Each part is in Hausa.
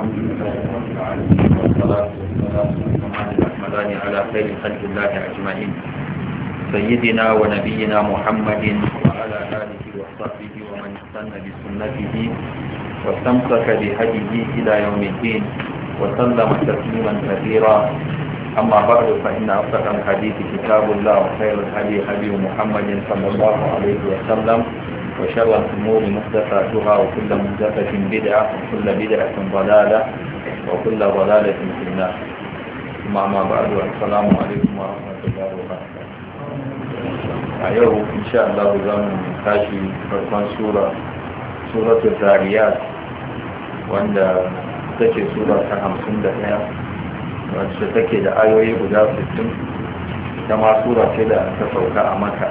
الحمد لله رب العالمين والصلاة والسلام على خير خلق الله أجمعين سيدنا ونبينا محمد وعلى آله وصحبه ومن استنى بسنته واستمسك بهديه إلى يوم الدين وسلم تسليما كثيرا أما بعد فإن أصدق الحديث كتاب الله وخير الهدي هدي محمد صلى الله عليه وسلم وشر الأمور محدثاتها وكل محدثة بدعة وكل بدعة ضلالة وكل ضلالة في النار ثم أما بعد السلام عليكم ورحمة الله وبركاته أيوه إن شاء الله زمن تاشي فرقان سورة سورة الزاريات وعند تكي سورة خمسون دقيقة wacce take da ayoyi guda 60 ita ma sura ce da ta sauka a maka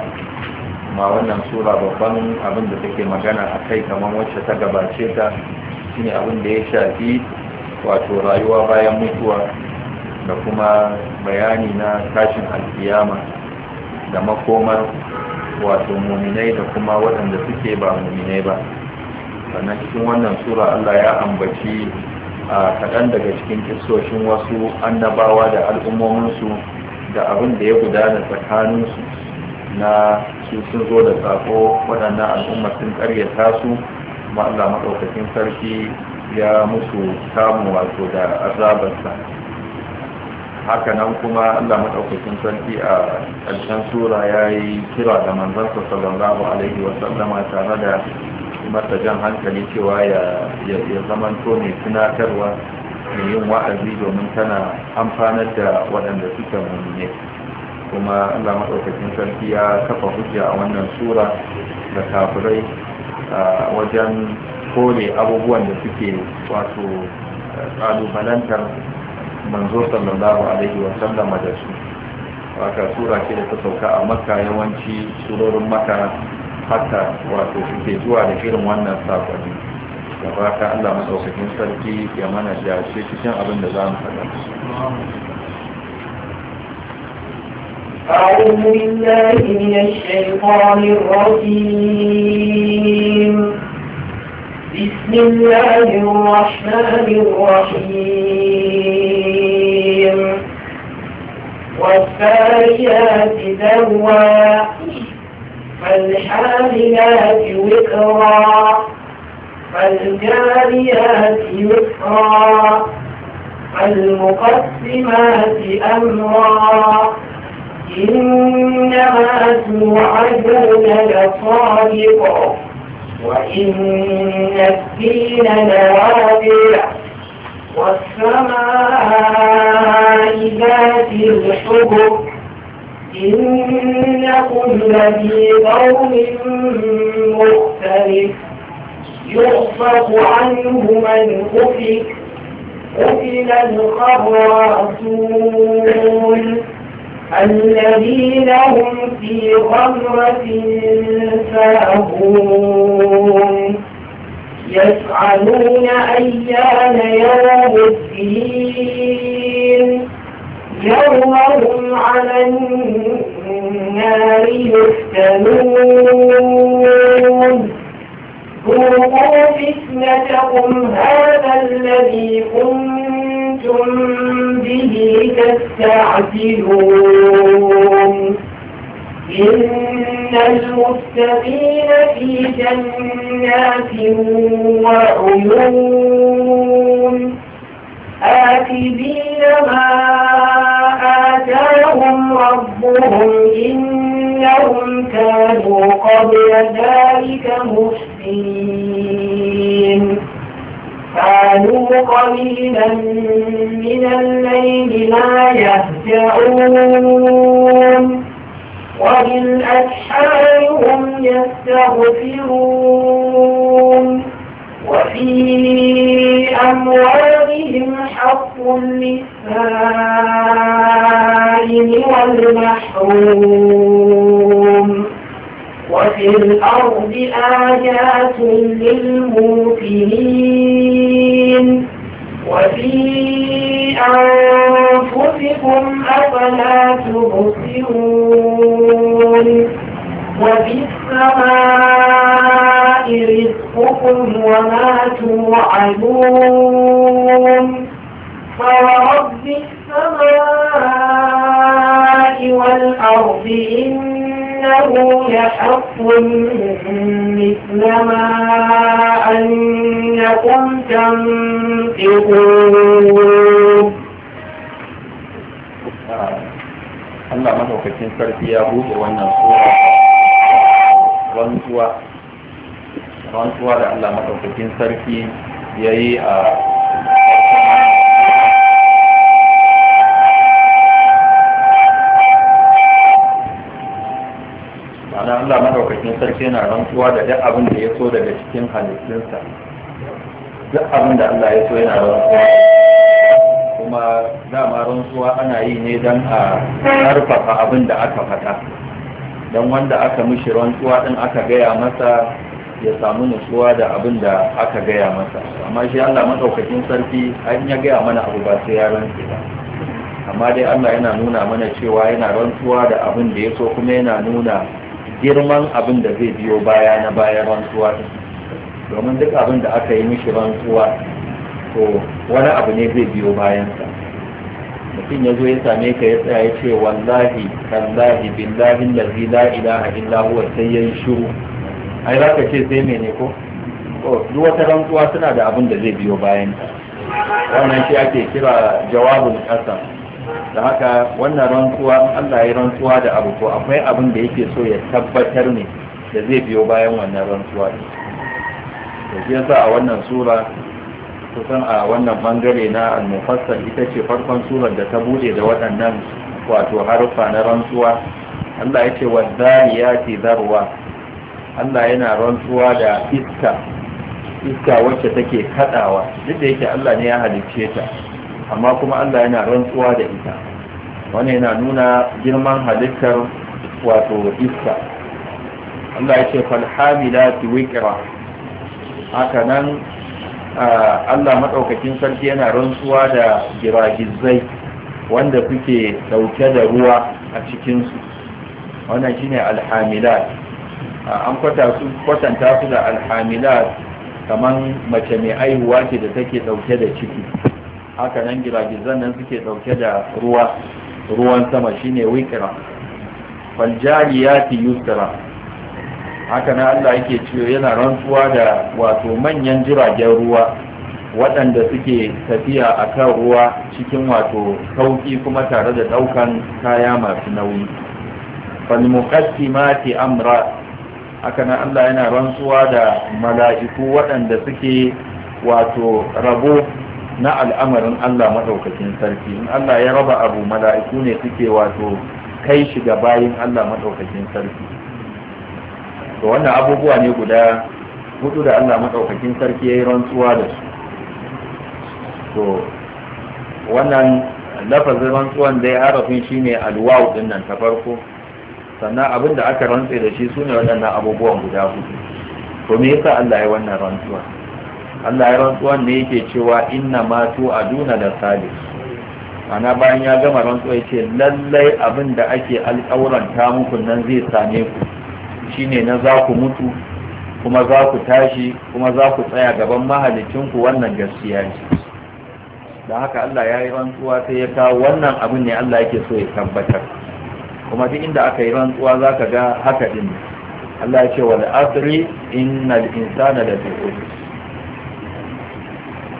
ma wannan sura babban abin da take magana a kai kamar wacce ta gabace ta shine abin da ya shafi wato rayuwa bayan mutuwa da kuma bayani na tashin alkiyama da makomar wato muminai da kuma waɗanda suke ba muminai ba sannan cikin wannan sura allah ya ambaci a kaɗan daga cikin kisoshin wasu annabawa da al'ummominsu da abin da ya gudana tsakaninsu na su sun zo da sako waɗannan al'ummar sun ta su kuma Allah maɗaukakin sarki ya musu samu wato da azabarsa hakanan kuma Allah maɗaukakin sarki a ƙarshen sura ya yi kira da manzansa sallallahu alaihi wa sallama tare da masa jan hankali cewa ya zamanto mai tunatarwa mai yin wa'azi domin tana amfanar da waɗanda suka mummune kuma Allah maɗaukakin sarki ya kafa hujja a wannan sura da kafirai wajen kore abubuwan da suke wato ƙalubalantar manzo sallallahu alaihi wa sallama da su haka sura ce da ta sauka a makka yawanci surorin makka haka wato suke zuwa da irin wannan sakonni gaba ka Allah maɗaukakin sarki ya mana da cikin abin da za mu faɗa أعوذ بالله من الشيطان الرجيم بسم الله الرحمن الرحيم والفاريات ذروا فالحاملات وكرا فالجاريات يسرا فالمقسمات أمرا إنما توعدون لصادق وإن الدين لواقع والسماء ذات الحب إنكم لفي قوم مختلف يؤفق عنه من أفك قتل الخراسون الذين هم في غمرة ساهون يسعلون أيان يوم الدين يوم هم على النار يفتنون ذوقوا فتنتكم هذا الذي كنتم كنتم به تستعجلون إن المتقين في جنات وعيون آكلين ما آتاهم ربهم إنهم كانوا قبل ذلك محسنين كانوا قليلا wanda aka mishi rantsuwa din aka gaya masa ya samu nutsuwa da abin da aka gaya masa amma shi Allah madaukakin sarki an ya gaya mana abu ba sai ya rantsu ba amma dai Allah yana nuna mana cewa yana rantsuwa da abin da ya so kuma yana nuna girman abin da zai biyo baya na bayan rantsuwa domin duk abin da aka yi mishi rantsuwa to wani abu ne zai biyo bayansa mutum ya zo ya same ka ya tsaya ya ce wallahi wallahi billahi lazi la ilaha illa huwa sai ya yi shiru ai za ka ce sai mene ko oh, duk wata rantsuwa suna da abin da zai biyo bayan ta wannan shi ake kira jawabin ƙasa da haka wannan rantsuwa Allah ya rantsuwa da abu ko akwai abin da yake so ya tabbatar ne da zai biyo bayan wannan rantsuwa ne to shi yasa a wannan sura kusan a wannan bangare na al-mufassal ita ce farkon surar da ta bude da waɗannan wato harfa na rantsuwa Allah ya ce wadhariyati zarwa Allah yana rantsuwa da iska iska wacce take kadawa duk da yake Allah ne ya halicce ta amma kuma Allah yana rantsuwa da ita wannan yana nuna girman halittar wato iska Allah ya ce falhamilati wiqra haka nan Allah maɗaukakin sarki yana rantsuwa da giragizai wanda suke ɗauke da ruwa a cikinsu wannan shine alhamilat an kwatanta su da alhamilat kamar mace mai aihuwa ce da take ɗauke da ciki haka nan giragizan nan suke ɗauke da ruwa ruwan sama shine wikira faljari ya fi yusra haka na Allah yake cewa yana rantsuwa da wato manyan jiragen ruwa waɗanda suke tafiya a kan ruwa cikin wato sauki kuma tare da ɗaukan kaya masu nauyi ke amra haka na Allah yana rantsuwa da mala'iku waɗanda suke wato rabo na al'amarin Allah maɗaukakin sarki in Allah ya raba abu mala'iku ne suke wato kai shi ga bayin Allah maɗaukakin sarki to wannan abubuwa ne guda hudu da Allah madaukakin sarki yayi rantsuwa da su to wannan lafazin rantsuwan dai harafin shine alwaw din nan ta farko sannan abin da aka rantse da shi sune waɗannan abubuwan guda hudu to me yasa Allah ya wannan rantsuwa Allah ya rantsuwa ne yake cewa inna ma tu aduna da salis ana bayan ya gama rantsuwa yace lallai abin da ake ta muku nan zai same ku ne na za ku mutu kuma za ku tashi kuma za ku tsaya gaban mahalicinku wannan gaskiya ce da haka Allah ya yi rantsuwa sai ya kawo wannan abin ne Allah yake so ya tabbatar kuma duk inda aka yi rantsuwa za ka ga haka din Allah ya ce wal asri innal insana la khusr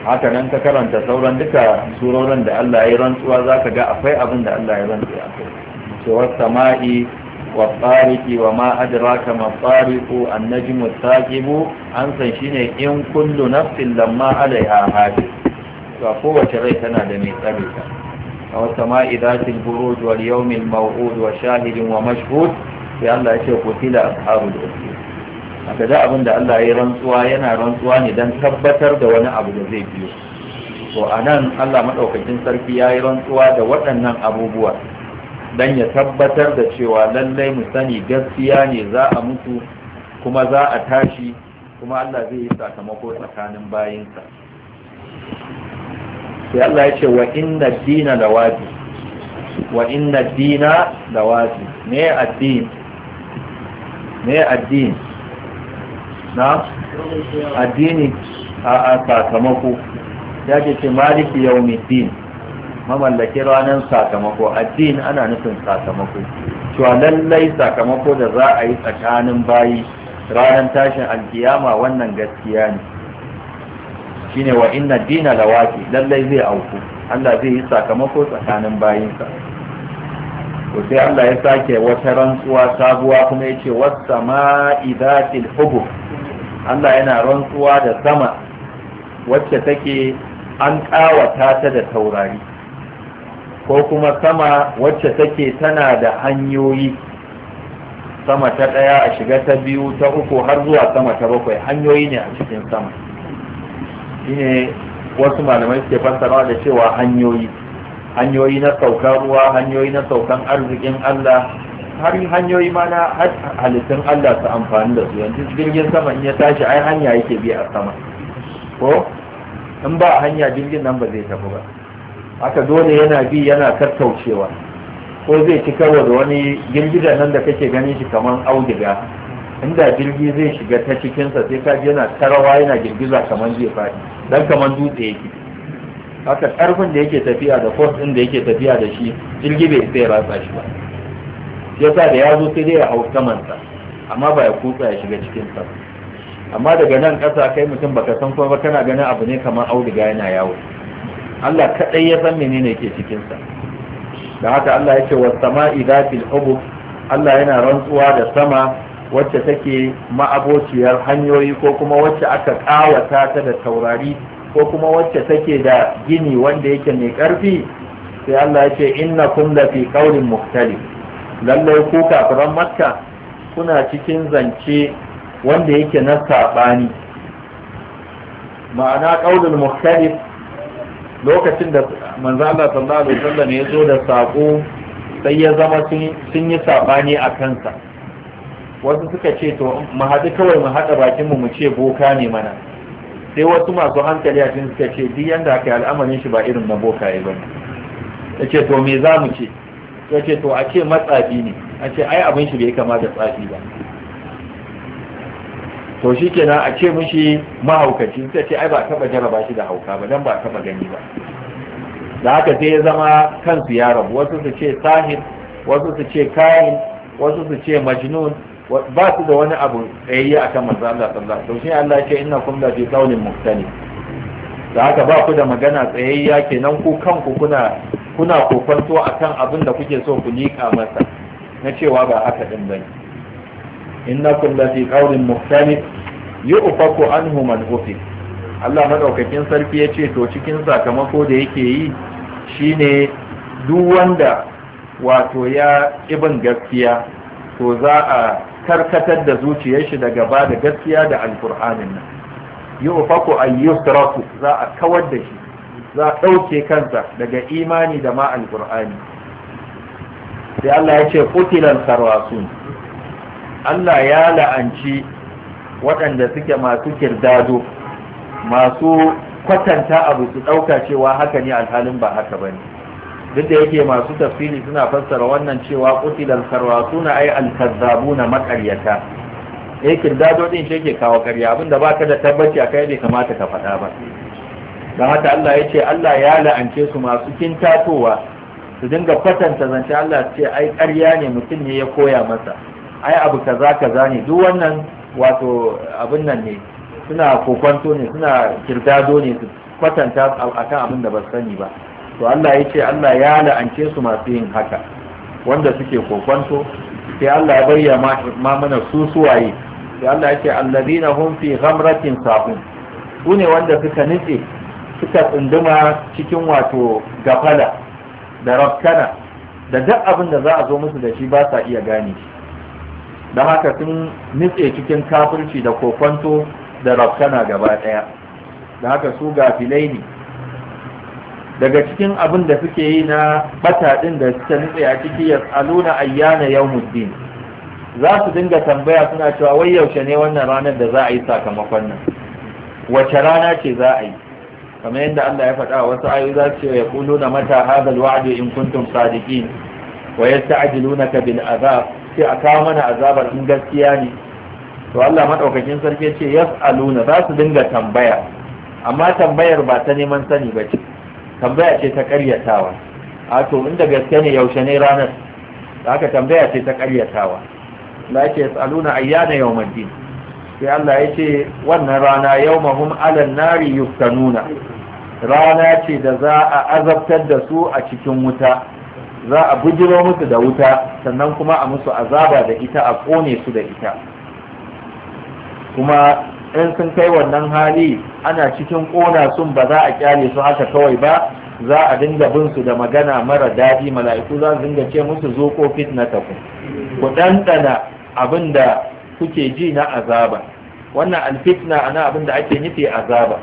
haka nan ka karanta sauran duka surorin da Allah ya yi rantsuwa za ka ga akwai abin da Allah ya rantsuwa cewar sama'i والطارق وما أدراك ما الطارق النجم الثاقب أنسى شيني إن كل نفس لما عليها حافظ فقوة ريتنا لمن ثبت والسماء ذات البروج واليوم الموعود وشاهد ومشهود في الله يشوف قتل أصحاب الأسير هكذا أبن الله يرنسوا ينا رنسوا ندن تبتر دون أبو زيبيو وأنا الله مدعوك جنسر في يرنسوا دون أبو بوات dan ya tabbatar da cewa lallai mu sani gaskiya ne za a mutu kuma za a tashi kuma Allah zai yi sakamako tsakanin bayinsa sai Allah ya ce wa inna dina lawati wa inna dina lawati me addin me addin na addini a sakamako ya ce maliki din. Mamallakin ranar sakamako addin ana nufin sakamako cewa lallai sakamako da za a yi tsakanin bayi ranar tashin alkiyama wannan gaskiya ne shine wa inna dina lawaki lallai zai auku Allah zai yi sakamako tsakanin bayinsa to sai Allah ya sake wata rantsuwa sabuwa kuma ya ce wasa ma'idatil hubub Allah yana rantsuwa da sama wacce take an kawata ta da taurari ko kuma sama wacce take tana da hanyoyi sama ta ɗaya a shiga ta biyu ta uku har zuwa sama ta bakwai hanyoyi ne a cikin sama shine wasu malamai suke fassara da cewa hanyoyi hanyoyi na saukan ruwa hanyoyi na saukan arzikin Allah har hanyoyi ma na halittun Allah su amfani da su yanzu jirgin sama in ya tashi ai hanya yake bi a sama ko in ba hanya jirgin nan ba zai tafi ba haka dole yana bi yana tattaucewa ko zai ci karo da wani girgidan nan da kake ganin shi kamar audiga, inda jirgi zai shiga ta cikinsa sai ka yana tarawa yana girgiza kamar zai faɗi dan kamar dutse yake haka ƙarfin da yake tafiya da force ɗin da yake tafiya da shi jirgi bai sai ratsa shi ba yasa da ya zo sai dai ya hau samansa amma ba ya kutsa ya shiga cikinsa amma daga nan ƙasa kai mutum baka san kuma ba kana ganin abu ne kamar auduga yana yawo Allah kadai ya san menene ke cikinsa. da haka Allah yake was sama'i dhatil hubub Allah yana rantsuwa da sama wacce take ma'abociyar hanyoyi ko kuma wacce aka kawata ta da taurari ko kuma wacce take da gini wanda yake mai ƙarfi. sai Allah ya ce innakum la fi ƙaurin muktali. lallai ku kafiran makka kuna cikin zance wanda yake na saɓani? ma'ana ƙaurin muktali. lokacin da manzo Allah sallallahu alaihi wasallam ya zo da sako sai ya zama sun yi sabani a kansa wasu suka ce to mu haɗu kawai mu haɗa bakin mu mu ce boka ne mana sai wasu masu hankali a cikin suka ce duk yanda aka yi al'amarin shi ba irin na boka ya bane ya ce to me za mu ce ya ce to a ce matsafi ne a ce ai abin shi bai kama da tsafi ba to shi kenan a ce mishi mahaukaci sai ce ai ba taba jaraba shi da hauka ba dan ba taba gani ba da haka sai ya zama kansu ya rabu wasu su ce sahib wasu su ce kain wasu su ce majnun ba su da wani abu tsayayye a kan manzo Allah sallallahu alaihi wasallam Allah ce inna kum la fi qawlin muhtani da haka ba ku da magana tsayayya kenan ku kanku kuna kuna kokonto akan abin da kuke so ku lika masa na cewa ba haka din bane innakum la fi qawlin muhtalif yu'faku anhu man ufi. Allah madaukakin sarki ya ce to cikin sakamako da yake yi shine duk wanda wato ya ibin gaskiya to za a karkatar da zuciyar shi daga ba da gaskiya da alkur'anin nan yu'faku ay yusrafu za a kawar da shi za a ɗauke kansa daga imani da ma alkur'ani sai Allah ya qutilan sarwasun Allah ya la'anci waɗanda suke masu kirdado masu kwatanta abu su ɗauka cewa haka ne alhalin ba haka ba ne duk da yake masu tafsiri suna fassara wannan cewa kutilal suna ai alkazzabuna maƙaryata eh kirdado din shi yake kawo ƙarya abinda baka da tabbaci a kai bai kamata ka faɗa ba don haka Allah ya ce Allah ya la'ance su masu kintatowa su dinga kwatanta zance Allah ce ai karya ne mutum ne ya koya masa ai abu kaza kaza ne duk wannan wato abin nan ne suna kokwanto ne suna kirdado ne su kwatanta akan abin da ba sani ba to Allah ya ce Allah ya la'ance su masu yin haka wanda suke kokwanto sai Allah ya bayya ma mana su suwaye sai Allah ya ce allazina hum fi ghamratin sahun su ne wanda suka nitse suka tsunduma cikin wato gafala da rafkana da duk abin da za a zo musu da shi ba sa iya gane shi da haka sun nitse cikin kafirci da kokwanto da rafsana gaba ɗaya da haka su gafilai ne daga cikin abin da suke yi na bata ɗin da suka nitse a ciki ya tsaluna ayyana yau za su dinga tambaya suna cewa wai yaushe ne wannan ranar da za a yi sakamakon nan wace rana ce za a yi kamar yadda Allah ya faɗa wasu ayoyi za su ce ya kuluna mata hadal wa'du in kuntum sadiqin wa yasta'jilunaka bil azab sai a kawo mana azabar in gaskiya ne to Allah madaukakin sarki ya ce yas'aluna za su dinga tambaya amma tambayar ba ta neman sani ba ce tambaya ce ta karyatawa a to inda gaske ne yaushe ne ranar haka tambaya ce ta karyatawa la yake yas'aluna ayyana yawmuddin sai Allah ya ce wannan rana yawmahum alan nari yuftanuna rana ce da za a azabtar da su a cikin wuta za a bujiro musu da wuta sannan kuma a musu azaba da ita a kone su da ita kuma in sun kai wannan hali ana cikin kona sun ba za a kyale su haka kawai ba za a dinga bin su da magana mara daɗi mala'iku za su dinga ce musu zo ko ta ku ɗanɗana abin da kuke ji na azaba wannan alfitna ana abin da ake nufi azaba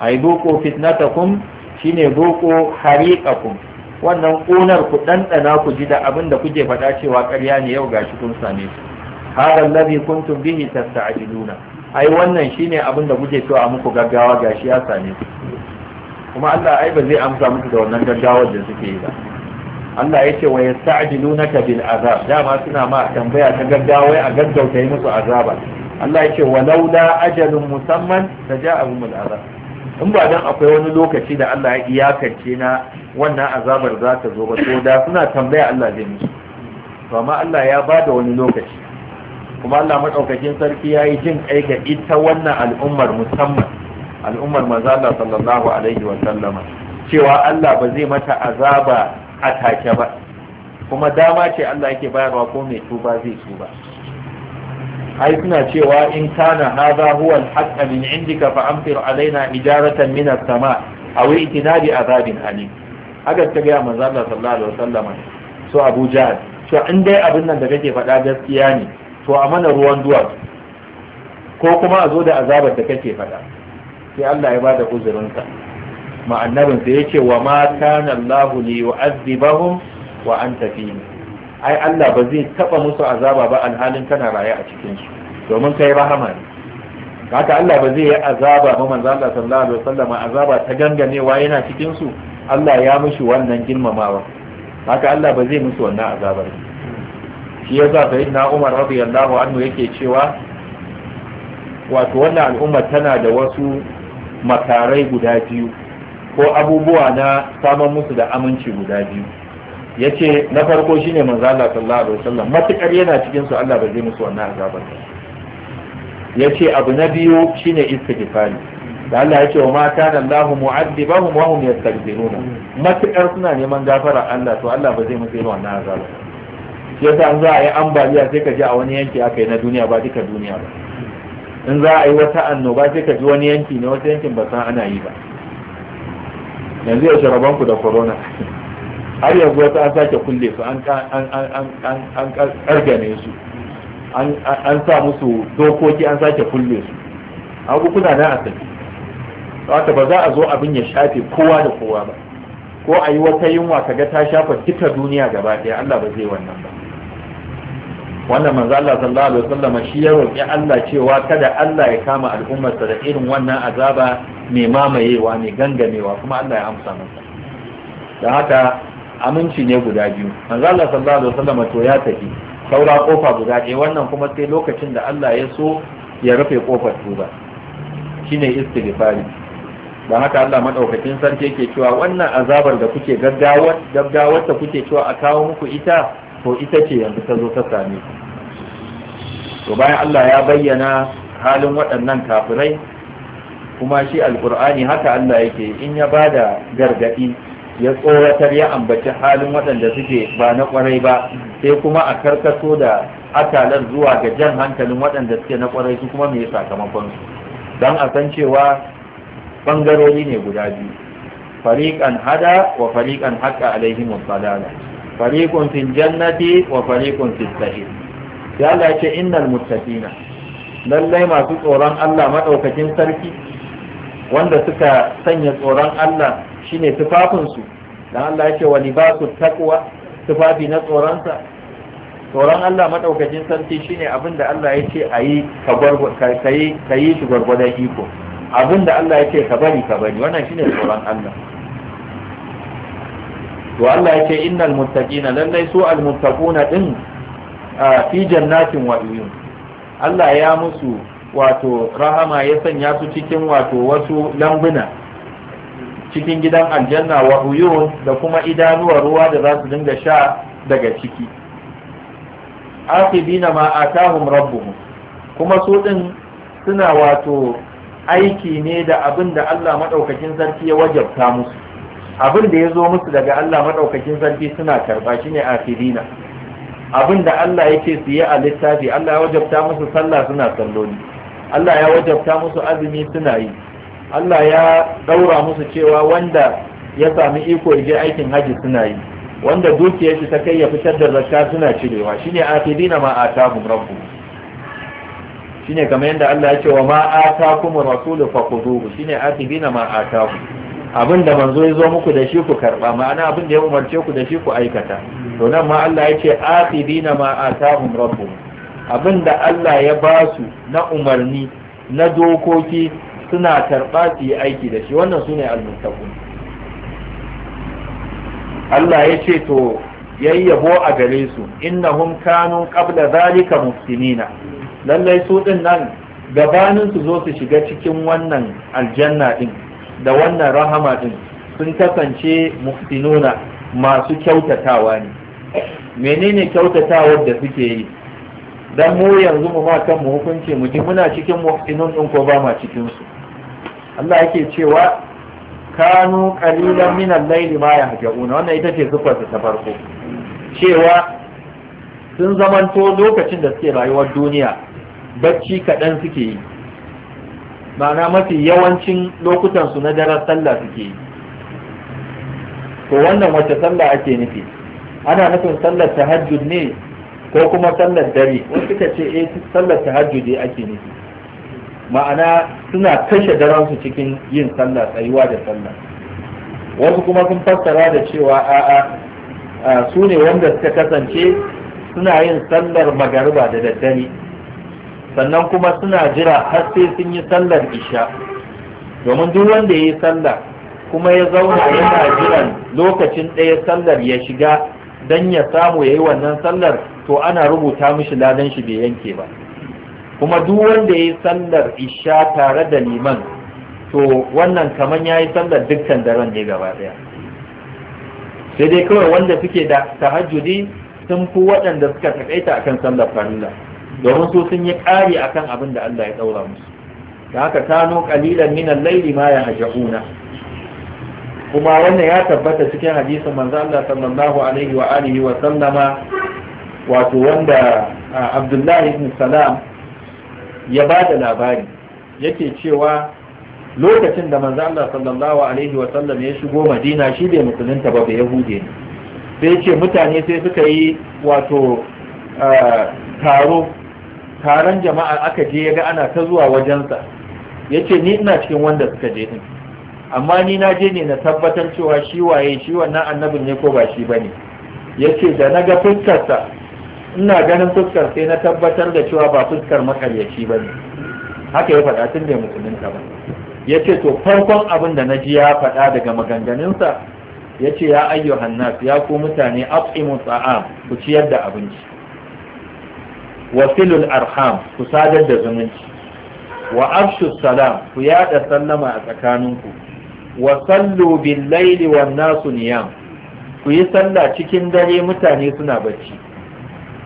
ai doko fitnatakum shine doko hariqakum wannan ƙunar ku ɗanɗana ku ji da abin da kuke faɗa cewa ƙarya ne yau gashi kun same su hada allazi kuntum bihi tasta'jiluna ai wannan shine abin da kuke so a muku gaggawa gashi ya same su. kuma Allah ai ba zai amsa muku da wannan gaggawar da suke yi ba Allah ya ce wa yasta'jilunaka bil azab dama suna ma tambaya ta gaggawa a gaggauta yi musu azaba Allah ya ce wa la ajalun musamman taja'ahumul azab in ba dan akwai wani lokaci da Allah ya iyakance na wannan azabar za ta zo ba to da suna tambaya Allah zai musu to amma Allah ya ba da wani lokaci kuma Allah madaukakin sarki ya yi jin kai ga ita wannan al'ummar musamman al'ummar manzo Allah sallallahu alaihi wa sallama cewa Allah ba zai mata azaba a take ba kuma dama ce Allah yake bayarwa ko mai tuba zai tuba ai suna cewa in kana hadha huwa al min indika fa amtir alaina ijaratan min as-sama aw itina bi azabin alim haka ta ga manzo Allah sallallahu alaihi wasallam so Abu Jahl to in dai abin nan da kake faɗa gaskiya ne to a mana ruwan duwatsu ko kuma a zo da azabar da kake faɗa sai Allah ya bada uzurinsa ma annabin sai yace wa ma kana Allah li yu'adhibahum wa anta fihim ai Allah ba zai taba musu azaba ba alhalin kana raye a cikin su domin kai rahama ne haka Allah ba zai yi azaba ba manzo Allah sallallahu alaihi wasallam azaba ta ganganewa yana cikin su Allah ya mushi wannan girmamawa haka Allah ba zai musu wannan azabar shi yasa na Umar radiyallahu anhu yake cewa wato wannan al'umma tana da wasu makarai guda biyu ko abubuwa na saman musu da aminci guda biyu Ya ce na farko shine manzo Allah sallallahu alaihi wasallam matukar yana cikin su Allah ba zai musu wannan azabar ce abu na biyu shine istighfari da Allah ya ce wa ma kana Allahu mu'adibahum wa hum yastaghfiruna matukar suna neman gafara Allah to Allah ba zai musu wannan azabar yasa an za a yi ambaliya sai ka je a wani yanki aka yi na duniya ba duka duniya ba in za a yi wata annoba sai ka ji wani yanki ne wata yankin ba san ana yi ba yanzu ya rabon ku da corona har yanzu wasu an sake kulle su an kargane su an sa musu dokoki an sake kulle su abubuwa na asali haka ba za a zo abin ya shafe kowa da kowa ba ko a yi wata yunwa ka ga ta shafa duka duniya gaba ɗaya Allah ba zai wannan ba wannan manzo Allah sallallahu alaihi wasallam shi ya roƙi Allah cewa kada Allah ya kama al'ummarsa da irin wannan azaba mai mamayewa mai gangamewa kuma Allah ya amsa masa da haka aminci ne guda biyu manzo Allah sallallahu alaihi wasallam to ya tafi saura kofa guda ɗaya wannan kuma sai lokacin da Allah ya so ya rufe kofar tuba shine istighfari dan haka Allah madaukakin sarki yake cewa wannan azabar da kuke gaggawa gaggawar ta kuke cewa a kawo muku ita to ita ce yanzu ta zo ta same ku to bayan Allah ya bayyana halin waɗannan kafirai kuma shi alkur'ani haka Allah yake in ya bada gargaɗi ya tsoratar ya ambaci halin waɗanda suke ba na kwarai ba sai kuma a karkato da akalar zuwa ga jan hankalin waɗanda suke na kwarai su kuma mai sakamakon su don a san cewa bangarori ne guda biyu fariƙan hada wa fariƙan haƙa alaihi musalala fariƙun fil jannati wa fariƙun fil sahih ya lace innal muttaqina lallai masu tsoron Allah madaukakin sarki wanda suka sanya tsoron Allah shine tufafinsu dan Allah ya ce wa libasu taqwa tufafi na tsoronsa tsoron Allah madaukakin sarki shine abin da Allah ya ce ayi ka kai kai shi gwargwadon iko abin da Allah ya ce ka bari ka bari wannan shine tsoron Allah to Allah ya ce innal muttaqina lallai su al muttaquna din fi jannatin wa uyun Allah ya musu wato rahama ya sanya su cikin wato wasu lambuna cikin gidan aljanna wa uyun da kuma idanuwa ruwa da za su dinga sha daga ciki akibina ma atahum rabbuhum kuma su din suna wato aiki ne da abin da Allah madaukakin sarki ya wajabta musu abin da ya zo musu daga Allah madaukakin sarki suna karba shi akibina abin da Allah yake su yi a littafi Allah ya wajabta musu sallah suna salloli Allah ya wajabta musu azumi suna yi Allah ya daura musu cewa wanda ya sami iko ya je aikin haji suna yi wanda dukiyar shi ta kai ya fitar da zakka suna cirewa shine atidina ma atahum rabbu shine kamar yadda Allah ya ce wa ma atakum rasulu faquduhu shine atidina ma atakum abinda manzo ya zo muku da shi ku karba ma'ana abin da ya umarce ku da shi ku aikata to nan ma Allah ya ce atidina ma atahum rabbu abinda Allah ya basu na umarni na dokoki suna karɓa su yi aiki da shi wannan su ne almuttaqun Allah ya ce to yayyabo a gare su innahum kanu qabla zalika muslimina lallai su din nan gabanin su zo su shiga cikin wannan aljanna ɗin da wannan rahama ɗin sun kasance muhsinuna masu kyautatawa ne menene kyautatawar da suke yi dan mu yanzu mu ma kan mu hukunci mu ji muna cikin muhsinun din ko ba ma cikin su Allah yake cewa kanu qalilan min al-layli ma yahjauna wannan ita ce sifar ta farko cewa sun zamanto lokacin da suke rayuwar duniya bacci kaɗan suke yi ma'ana mafi yawancin lokutan su na daren sallah suke yi to wannan wace sallah ake nufi ana nufin sallar tahajjud ne ko kuma sallar dare wasu suka ce eh sallar tahajjud ake nufi ma'ana suna kashe daransu cikin yin sallah tsayuwa da sallah wasu kuma sun fassara da cewa a'a su ne wanda suka kasance suna yin sallar magariba da daddare sannan kuma suna jira har sai sun yi sallar isha domin duk wanda ya yi sallah kuma ya zauna yana jiran lokacin ɗaya sallar ya shiga don ya samu ya yi wannan sallar to ana rubuta mishi ladan shi bai yanke ba kuma duk wanda ya yi sallar isha tare da liman to wannan kamar ya yi sallar dukkan daren ne gaba daya sai dai kawai wanda suke da tahajjudi sun fi waɗanda suka takaita akan sallar farilla domin su sun yi ƙari akan abin da Allah ya ɗaura musu da haka kano ƙalilan minan laili ma ya kuma wannan ya tabbata cikin hadisin manzo Allah sallallahu alaihi wa alihi wa sallama wato wanda Abdullahi ibn Salam ya ba da labari yake cewa lokacin da manzo Allah sallallahu alaihi wa sallam ya shigo Madina shi bai musulunta ba ba yahude ne sai ce mutane sai suka yi wato taro taron jama'a aka je ya ga ana ta zuwa wajensa ya ce ni ina cikin wanda suka je din amma ni na je ne na tabbatar cewa shi waye shi wannan annabin ne ko ba shi bane yace da na ga fuskarsa ina ganin fuskar sai na tabbatar da cewa ba fuskar makaryaci ba ne haka ya faɗa tun da musulunta ba ya ce to farkon abin da na ji ya faɗa daga maganganunsa ya ce ya ayyo Hannas ya ku mutane af'imu tsa'am ku ciyar da abinci wasilul arham ku sadar da zumunci wa afshu salam ku yada sallama a tsakaninku wa sallu bil laili wan nasu niyam ku yi sallah cikin dare mutane suna bacci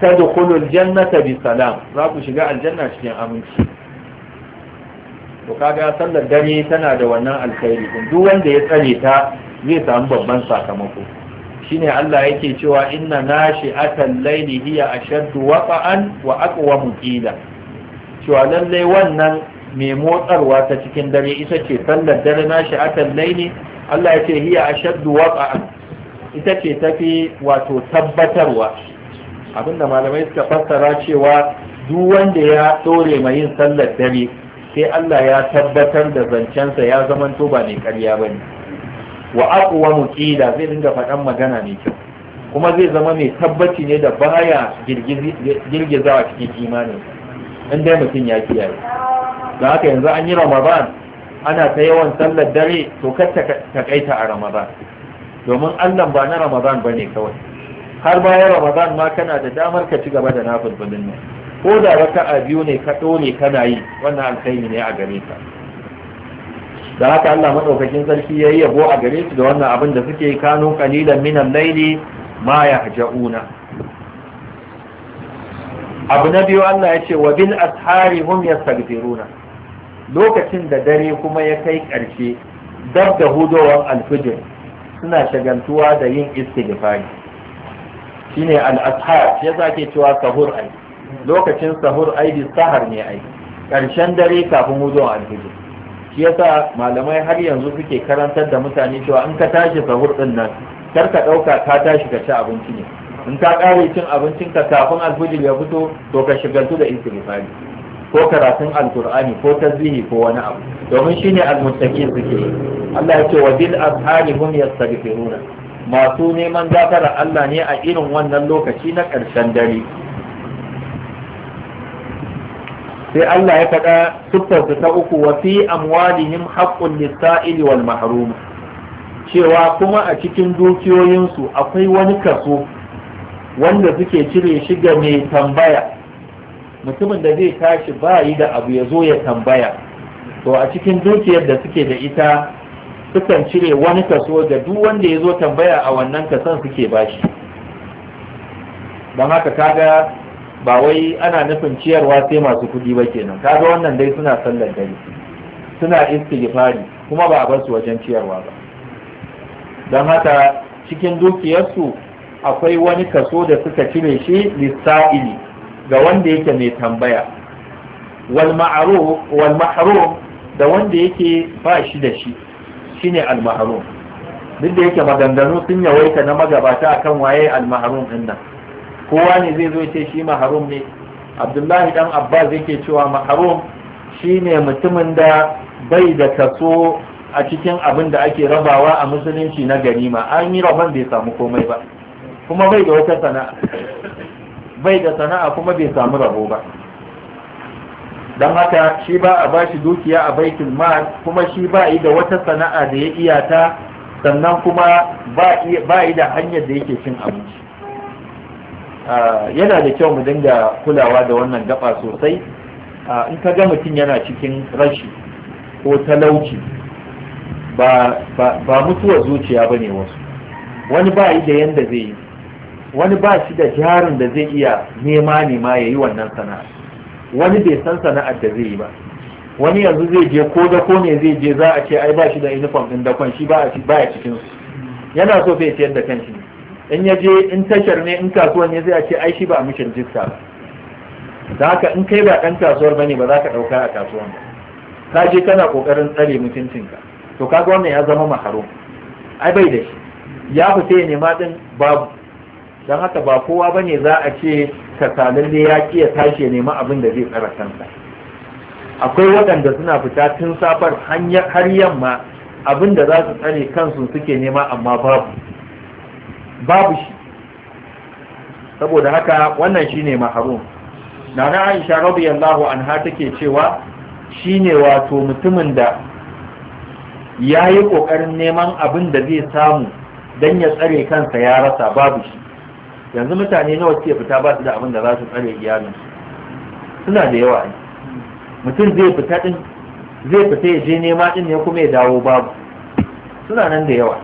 tadkhulul jannata bi salam za ku shiga aljanna cikin aminci to kaga sallar dare tana da wannan alkhairi din wanda ya tsare ta zai samu babban sakamako shine Allah yake cewa inna nashi'atal layli hiya ashaddu waqa'an wa aqwamu qila cewa lallai wannan mai motsarwa ta cikin dare ita ce sallar dare nashi'atal layli Allah ya hiya ashaddu waqa'an ita ce tafi wato tabbatarwa abinda malamai suka fassara cewa duk wanda ya dore mai yin sallar dare sai Allah ya tabbatar da zancensa ya zamanto ba mai karya ba ne wa aqwa muqila zai dinga faɗan magana mai kyau kuma zai zama mai tabbaci ne da baya girgizawa cikin imani in dai mutum ya kiyaye da haka yanzu an yi ramadan ana ta yawan sallar dare to kar ta kaita a ramadan domin Allah ba na ramadan ne kawai har bayan ramadan ma kana da damar ka ci gaba da nafilfilin nan ko da raka'a biyu ne ka ɗore kana yi wannan alkhairi ne a gare ka da haka Allah madaukakin sarki yayi yabo a gare su da wannan abin da suke kano qalilan min al-layli ma yahja'una abu na biyu Allah ya ce wa bil ashari hum yastaghfiruna lokacin da dare kuma ya kai ƙarshe dab da hudowar alfijir suna shagantuwa da yin istighfari shine alashar ashar ya zake cewa sahur ai lokacin sahur ai bi sahar ne ai karshen dare kafin wuzo alfijir shi yasa malamai har yanzu suke karantar da mutane cewa in ka tashi sahur din nan kar ka ɗauka ka tashi ka ci abinci ne in ka kare cin abincin ka kafin alfijir ya fito to ka shigaltu da istighfari ko karatun alkur'ani ko tasbihi ko wani abu domin shine almuttaqin suke Allah ya ce wa bil azhari hum yastaghfiruna masu neman gafara Allah ne a irin wannan lokaci na ƙarshen dare sai Allah ya faɗa siffarsa ta uku wa fi amwalihim haqqun lis-sa'il wal mahrum cewa kuma a cikin dukiyoyinsu akwai wani kaso wanda suke cire shi ga mai tambaya mutumin da zai tashi ba yi da abu ya zo ya tambaya to a cikin dukiyar da suke da ita sukan cire wani kaso da duk wanda ya zo tambaya a wannan kasan suke bashi don haka kaga ba wai ana nufin ciyarwa sai masu kuɗi ba kenan kaga wannan dai suna sallar dare suna istighfari kuma ba a bar su wajen ciyarwa ba don haka cikin dukiyarsu akwai wani kaso da suka cire shi lissa'ili ga wanda yake mai tambaya wal ma'ruf da wanda yake ba shi da shi shine al duk da yake maganganu sun yawaita na magabata akan waye al ɗin din nan kowa ne zai zo ce shi mahrum ne Abdullahi dan Abbas yake cewa shi ne mutumin da bai da kaso a cikin abin da ake rabawa a musulunci na ganima an yi rahon bai samu komai ba kuma bai da wata sana'a bai da sana'a kuma bai samu rabo ba don haka shi ba a bashi dukiya a baitul mal kuma shi ba yi da wata sana'a da ya iya ta sannan kuma ba yi da hanyar da yake cin abinci yana da kyau mu dinga kulawa da wannan gaba sosai in ka ga mutum yana cikin rashi ko talauci ba mutuwar zuciya ba ne wasu wani ba yi da yanda zai yi wani ba shi da jarin da zai iya nema nema ya yi wannan sana'a wani bai san sana'ar da zai yi ba wani yanzu zai je ko da ko ne zai je za a ce ai ba shi da uniform din dakon shi ba ya cikin su yana so fa ya da kanshi in ya je in tashar ne in kasuwa ne zai a ce ai shi ba a mishi rijista ba da haka in kai ba dan kasuwar bane ba za ka dauka a kasuwan ba ka je kana kokarin tsare mutuncin ka to kaga wannan ya zama maharo ai bai da shi ya fita ya nema din babu don haka ba kowa ba ne za a ce kasanin da ya ya tashi ya abin da zai tsara kansa akwai waɗanda suna fita tun safar har yamma abin da za su tsare kansu suke nema amma babu babu shi saboda haka wannan shine maharum nana aisha an anha take cewa shine wato mutumin da ya yi ƙoƙarin neman abin da zai samu don ya tsare kansa ya rasa babu shi yanzu mutane nawa ke fita ba su da abin da za su tsare iyalinsu suna da yawa ne mutum zai fita din zai fita ya je nema din ne kuma ya dawo babu suna nan da yawa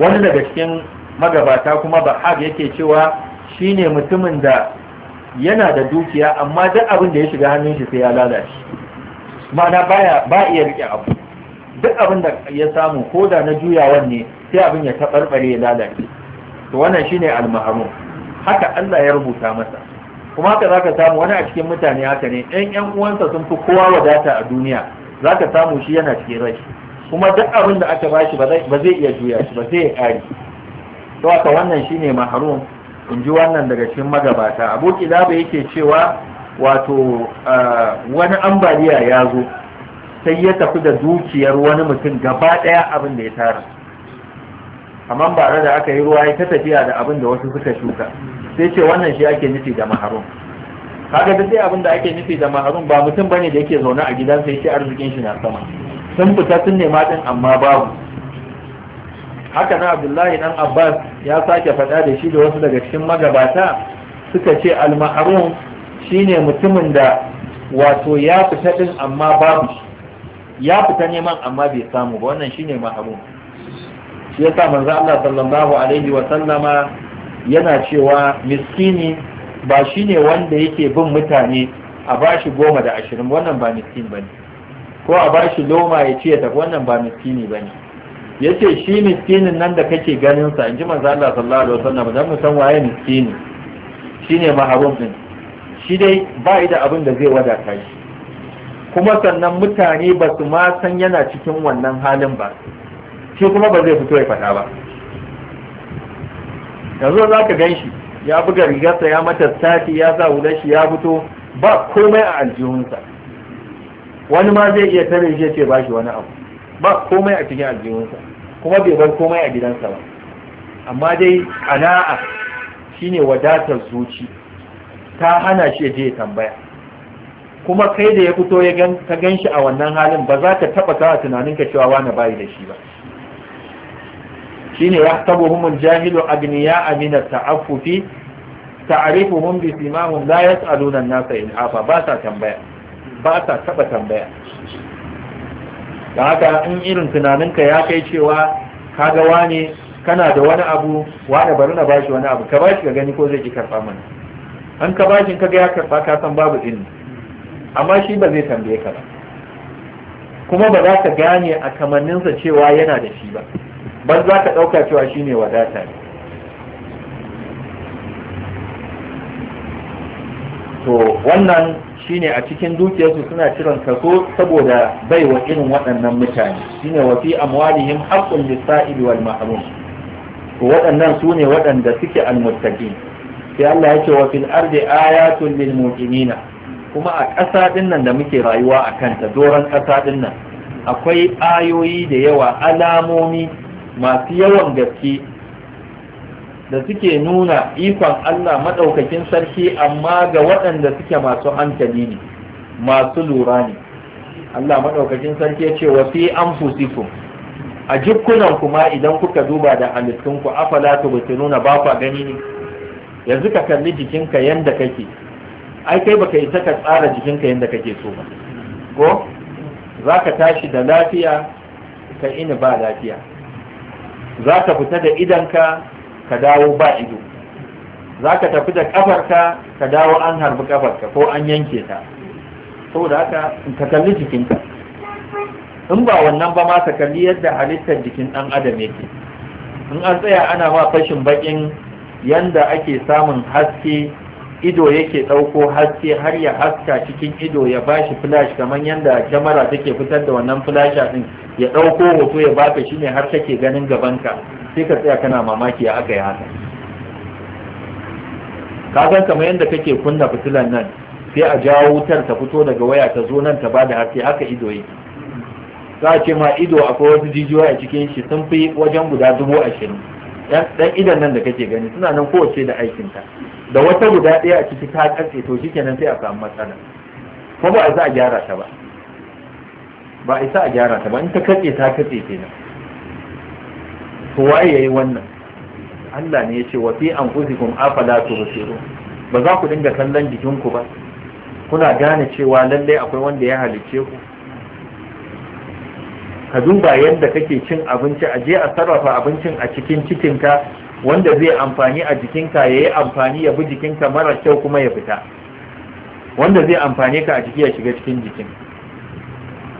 wani daga cikin magabata kuma har yake cewa shine mutumin da yana da dukiya amma duk abin da ya shiga hannun shi sai ya lalace ma'ana baya ba iya rike abu duk abin da ya samu ko da na juyawan ne sai abin ya taɓarɓare ya lalace to wannan shine al-mahrum haka Allah ya rubuta masa kuma haka zaka samu wani a cikin mutane haka ne ɗan ƴan uwansa sun fi kowa wadata a duniya zaka samu shi yana cikin rashi kuma duk abin da aka bashi ba zai iya juya shi ba zai ƙari to haka wannan shine mahrum in ji wannan daga cikin magabata abu ba yake cewa wato wani ambaliya ya zo sai ya tafi da dukiyar wani mutum gaba ɗaya abin da ya tara amma ba da aka yi ruwa ya ta tafiya da abin da wasu suka shuka sai ce wannan shi ake nufi da maharum kaga da sai abin da ake nufi da maharum ba mutum bane da yake zaune a gidan gidansa yake arzikin shi na sama sun fita sun nema din amma babu haka na abdullahi dan abbas ya sake faɗa da shi da wasu daga cikin magabata suka ce al-maharum shine mutumin da wato ya fita din amma babu ya fita neman amma bai samu ba wannan shine maharum shi yasa manzo Allah sallallahu alaihi wa sallama yana cewa miskini ba shine wanda yake bin mutane a bashi goma da ashirin wannan ba miskin bane ko a bashi loma ya ce ta wannan ba miskini bane yace shi miskinin nan da kake ganin sa inji manzo Allah sallallahu alaihi wa sallama dan mu san waye miskini shine maharum din shi dai ba da abin da zai wadata shi kuma sannan mutane ba su ma san yana cikin wannan halin ba shi kuma ba zai fito ya faɗa ba yanzu za ka gan shi ya buga rigarsa ya mata sati ya sa hular shi ya fito ba komai a aljihunsa wani ma zai iya tare shi ce ba shi wani abu ba komai a cikin aljihunsa kuma bai bar komai a gidansa ba amma dai ana'a shine wadatar zuci ta hana shi je tambaya kuma kai da ya fito ya ka ganshi a wannan halin ba za ka taba kawa tunanin ka cewa wani bayi da shi ba shine yahtabuhum jahilu agniya amina taaffufi ta'rifuhum bi simahum la yas'aluna an-nasa ilhafa ba sa tambaya ba sa taba tambaya da haka in irin tunaninka ya kai cewa ka wani kana da wani abu Wani bari na bashi wani abu ka bashi ka gani ko zai ki karba mana an ka bashi ka ga ya karba ka san babu din amma shi ba zai tambaye ka ba kuma ba za ka gane a kamanninsa cewa yana da shi ba ban za ka ɗauka cewa ne wadata ne to wannan ne a cikin dukiyarsu suna ciran kaso saboda bai wa irin waɗannan mutane ne wa fi amwalihim haqqun lis wal mahrum to waɗannan su ne waɗanda suke almuttaqin sai Allah ya ce wa fil ardi ayatun lil mu'minina kuma a ƙasa din nan da muke rayuwa a kanta doron ƙasa din nan akwai ayoyi da yawa alamomi masu yawan gaske da suke nuna ikon Allah maɗaukakin sarki amma ga waɗanda suke masu hankali ne masu lura ne Allah maɗaukakin sarki ya ce wa fi anfusikum a jikunan ma idan kuka duba da halittunku afala nuna ba ku gani ne yanzu ka kalli jikinka yanda kake ai kai baka yi ka tsara jikinka yanda kake so ba ko za ka tashi da lafiya ka ini ba lafiya za ka fita da idanka ka dawo ba ido za ka tafi da kafarka ka dawo an harbi kafarka ko an yanke ta saboda haka ka kalli jikinka in ba wannan ba ma ka kalli yadda halittar jikin ɗan adam yake in an tsaya ana ma fashin bakin yanda ake samun haske ido yake ɗauko haske har ya haska cikin ido ya bashi flash kamar yadda kyamara take fitar da wannan flash din ya ɗauko hoto ya baka shi ne har kake ganin gabanka sai ka tsaya kana mamaki ya aka yi haka kagan kamar yadda kake kunna fitilan nan sai a jawo wutar ta fito daga waya ta zo nan ta da haske haka ido yake za a ce ma ido akwai wasu jijiyoyi a cikin shi sun fi wajen guda dubu ashirin dan idan nan da kake gani suna nan kowace da aikinta da wata guda ɗaya a ciki ta katse to shikenan sai a samu matsala ko ba a za a gyara ta ba ba isa a gyara ta ba in ta katse ta katse nan. to waye yayi wannan Allah ne ya ce wa fi anfusikum afala tubsirun ba za ku dinga kallon jikinku ba kuna gane cewa lallai akwai wanda ya halicce ku ka duba yadda kake cin abinci a je a sarrafa abincin a cikin cikinka wanda zai amfani a jikinka ya yi amfani ya bi jikinka mara kyau kuma ya fita wanda zai amfani ka a jiki ya shiga cikin jikin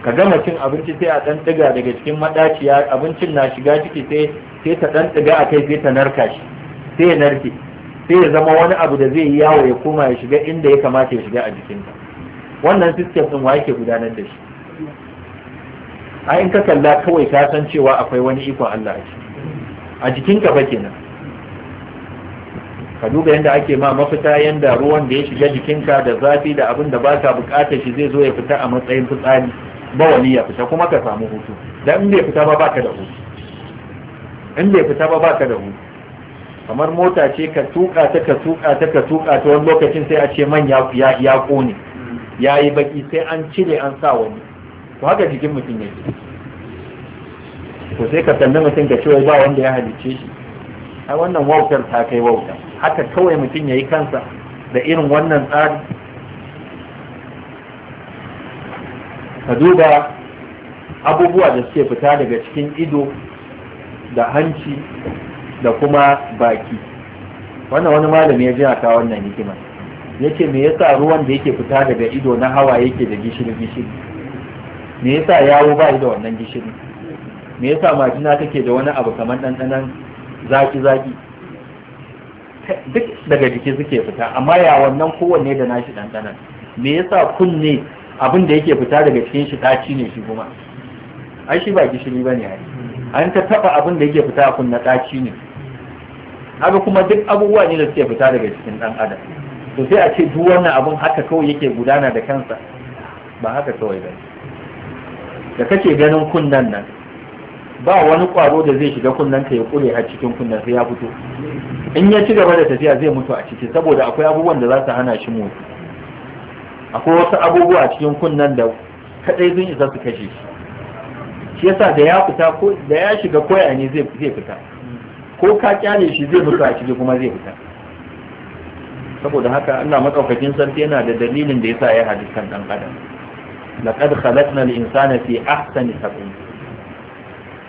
ka gama cin abinci sai a ɗan ɗiga daga cikin maɗaciya abincin na shiga ciki sai sai ta ɗan ɗiga a kai sai ta narka shi sai ya narke sai ya zama wani abu da zai yi yawo ya koma ya shiga inda ya kamata ya shiga a jikinka. wannan system ɗin wa yake gudanar da shi a in ka kalla kawai ka san cewa akwai wani ikon Allah a jikinka fa kenan ka duba yadda ake ma mafita yadda ruwan da ya shiga jikinka da zafi da abin da ba ka bukatar shi zai zo ya fita a matsayin fitsari bawa ya fita kuma ka samu hutu da in bai fita ba baka da hutu in bai fita ba baka da hutu kamar mota ce ka tuka ta ka tuka ta ka tuka ta wani lokacin sai a ce man ya ya kone ya yi baki sai an cire an sa wani to haka jikin mutum yake to sai ka sanni mutum ka cewa ba wanda ya halicce shi ai wannan wautar ta kai wauta haka kawai mutum ya yi kansa da irin wannan tsari ka duba abubuwa da suke fita daga cikin ido da hanci da kuma baki wannan wani malami ya ji kawo wannan hikimar ya ce me yasa ruwan da yake fita daga ido na hawa yake da gishiri gishiri me yasa yawo ba da wannan gishiri me yasa majina take da wani abu kamar ɗanɗanan zaki zaki duk daga jiki suke fita amma ya wannan kowanne da nashi ɗanɗanan me yasa kunne abin da yake fita daga cikin shi ɗaci ne shi kuma ai shi ba gishiri ba ne an ta taɓa abin da yake fita kun na ɗaci ne haka kuma duk abubuwa ne da suke fita daga cikin ɗan adam to sai a ce duk wannan abin haka kawai yake gudana da kansa ba haka kawai ba da kake ganin kunnan nan ba wani ƙwaro da zai shiga kunnan ka ya kure har cikin kunnan sai ya fito in ya ci gaba da tafiya zai mutu a ciki saboda akwai abubuwan da za su hana shi mutu akwai wasu abubuwa cikin kunnan da kadai sun isa su kashe shi shi yasa da ya fita ko da ya shiga koya ne zai zai fita ko ka kyale shi zai mutu a ciki kuma zai fita saboda haka Allah makaukakin sarki yana da dalilin da yasa ya halittan dan adam laqad khalaqnal insana fi ahsani taqwim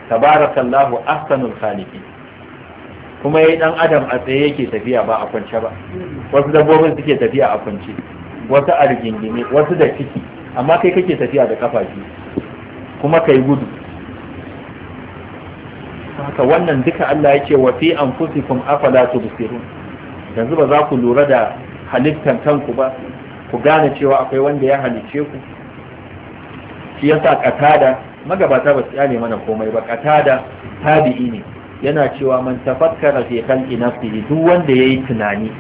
tabarakallahu ahsanul khaliqin kuma yayi dan adam a tsaye yake tafiya ba a kwance ba wasu dabbobin suke tafiya a kwance wasu a rigingine wasu da ciki amma kai kake tafiya da kafafi kuma kai gudu haka wannan duka Allah ya ce wa fi anfusikum afala tubsirun yanzu ba za ku lura da halittan kanku ba ku gane cewa akwai wanda ya halice ku shi yasa katada magabata ba su yane mana komai ba katada tabi'i ne yana cewa man tafakkara fi khalqi nafsihi duk wanda yayi tunani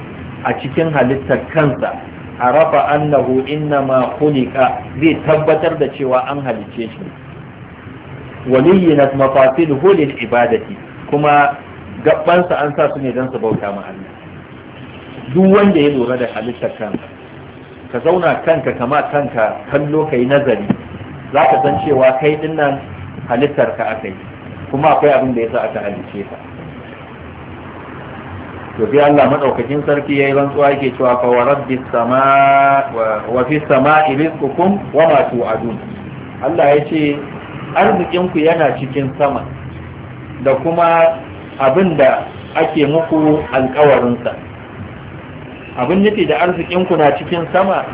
a cikin halittar kansa arafa annahu innama khuliqa zai tabbatar da cewa an halice shi waliyinat mafatihu lil ibadati kuma gabansa an sa su ne don su bauta ma Allah duk wanda ya lura da halittar kanka ka zauna kanka kama kanka kallo kai nazari za ka san cewa kai dinnan halittar ka yi, kuma akwai abin da sa aka halice ka to sai Allah madaukakin sarki yayi rantsuwa yake cewa fa wa rabbis wa fi sama'i rizqukum wa ma tu'adun Allah yace arzikin ku yana cikin sama da kuma abinda ake muku alkawarin sa abin yake da arzikin ku na cikin sama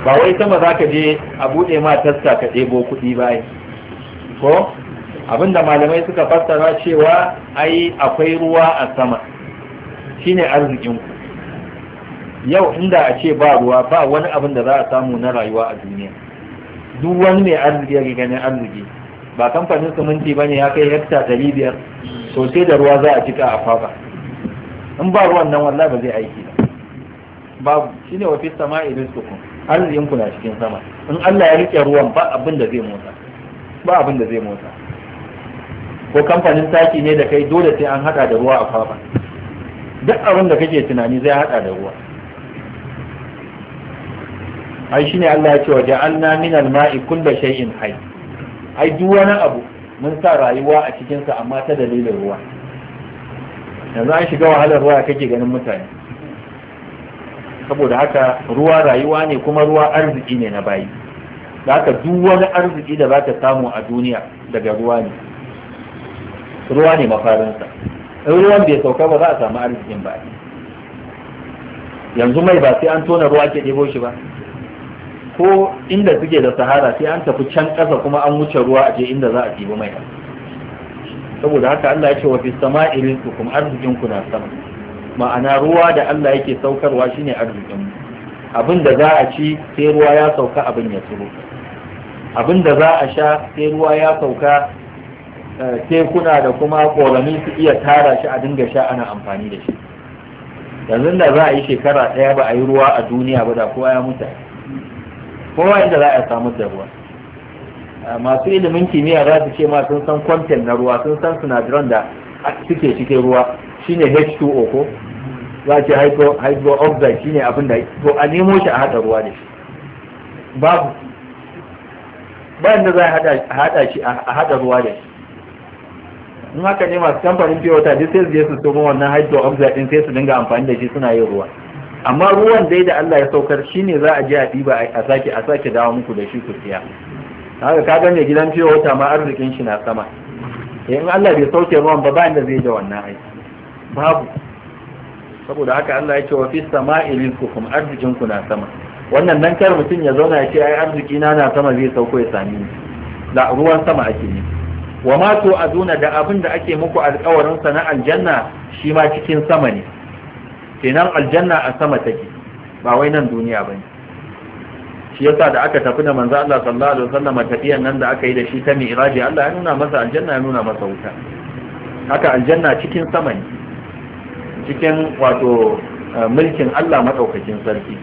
ba wai sama za ka je a bude ma tasta ka ɗebo kuɗi ba ko abinda malamai suka fassara cewa ai akwai ruwa a sama shine arzikin ku yau inda a ce ba ruwa ba wani abin da za a samu na rayuwa a duniya duk wani mai arziki ya ganin arziki ba kamfanin siminti ba ne ya kai hekta dari biyar sosai da ruwa za a cika a fafa in ba ruwan nan wallahi ba zai aiki ba babu shine wa fi sama ilisukun arzikin ku na cikin sama in Allah ya rike ruwan ba abin da zai motsa ba abin da zai motsa ko kamfanin taki ne da kai dole sai an hada da ruwa a fafa duk abin da kake tunani zai hada da ruwa ai shine Allah ya ce wa ja'alna min al-ma'i kullu shay'in hayy ai duk wani abu mun sa rayuwa a cikin sa amma ta dalilin ruwa yanzu an shiga wahalar ruwa kake ganin mutane saboda haka ruwa rayuwa ne kuma ruwa arziki ne na bayi da haka duk wani arziki da za ka samu a duniya daga ruwa ne ruwa ne mafarinsa ruwan bai sauka ba za a samu arzikin ba yanzu mai ba sai an tona ruwa ke ɗebo shi ba ko inda suke da sahara sai an tafi can ƙasa kuma an wuce ruwa a je inda za a ɗebo mai saboda haka Allah ya ce wa fi su kuma arzikin ku na sama ma'ana ruwa da Allah yake saukarwa shine arzikin mu abin da za a ci sai ruwa ya sauka abin ya tsiro abin da za a sha sai ruwa ya sauka Eh, tekuna da kuma ƙorami su iya tara shi a dinga sha ana amfani da shi yanzu da za a yi shekara ɗaya ba a yi ruwa a duniya ba da kowa ya mutu kowa inda za a samu da ruwa eh, masu ilimin kimiyya za su ce ma sun san kwantin na ruwa sun san sinadiran da suke cikin ruwa shine H2O ko za ce hydro oxide shine abin da to a nemo shi a haɗa ruwa da shi babu ba da za a haɗa shi a haɗa ruwa da shi in haka ne masu kamfanin fiye wata duk sai su je su tomo wannan hydro oxide din sai su dinga amfani da shi suna yin ruwa amma ruwan dai da Allah ya saukar shine za a je a ɗiba a sake a sake dawo muku da shi ku siya haka ka gane gidan fiye wata ma arzikin shi na sama eh, in Allah bai sauke ruwan ba ba inda zai da wannan aiki babu saboda haka Allah ya ce wa fi sama'i rizqukum arzikin ku na sama wannan nan kar mutum ya zauna ya ce ai arziki na na sama zai sauko ya sami ni da ruwan sama ake nufi wa ma zuna da abin da ake muku alƙawarin sa na aljanna shi ma cikin sama ne kenan aljanna a sama take ba wai nan duniya ba ne. shi yasa da aka tafi da manzo Allah sallallahu alaihi wasallam tafiyan nan da aka yi da shi ta mi'raji Allah ya nuna masa aljanna ya nuna masa wuta haka aljanna cikin sama ne cikin wato eh, mulkin Allah madaukakin sarki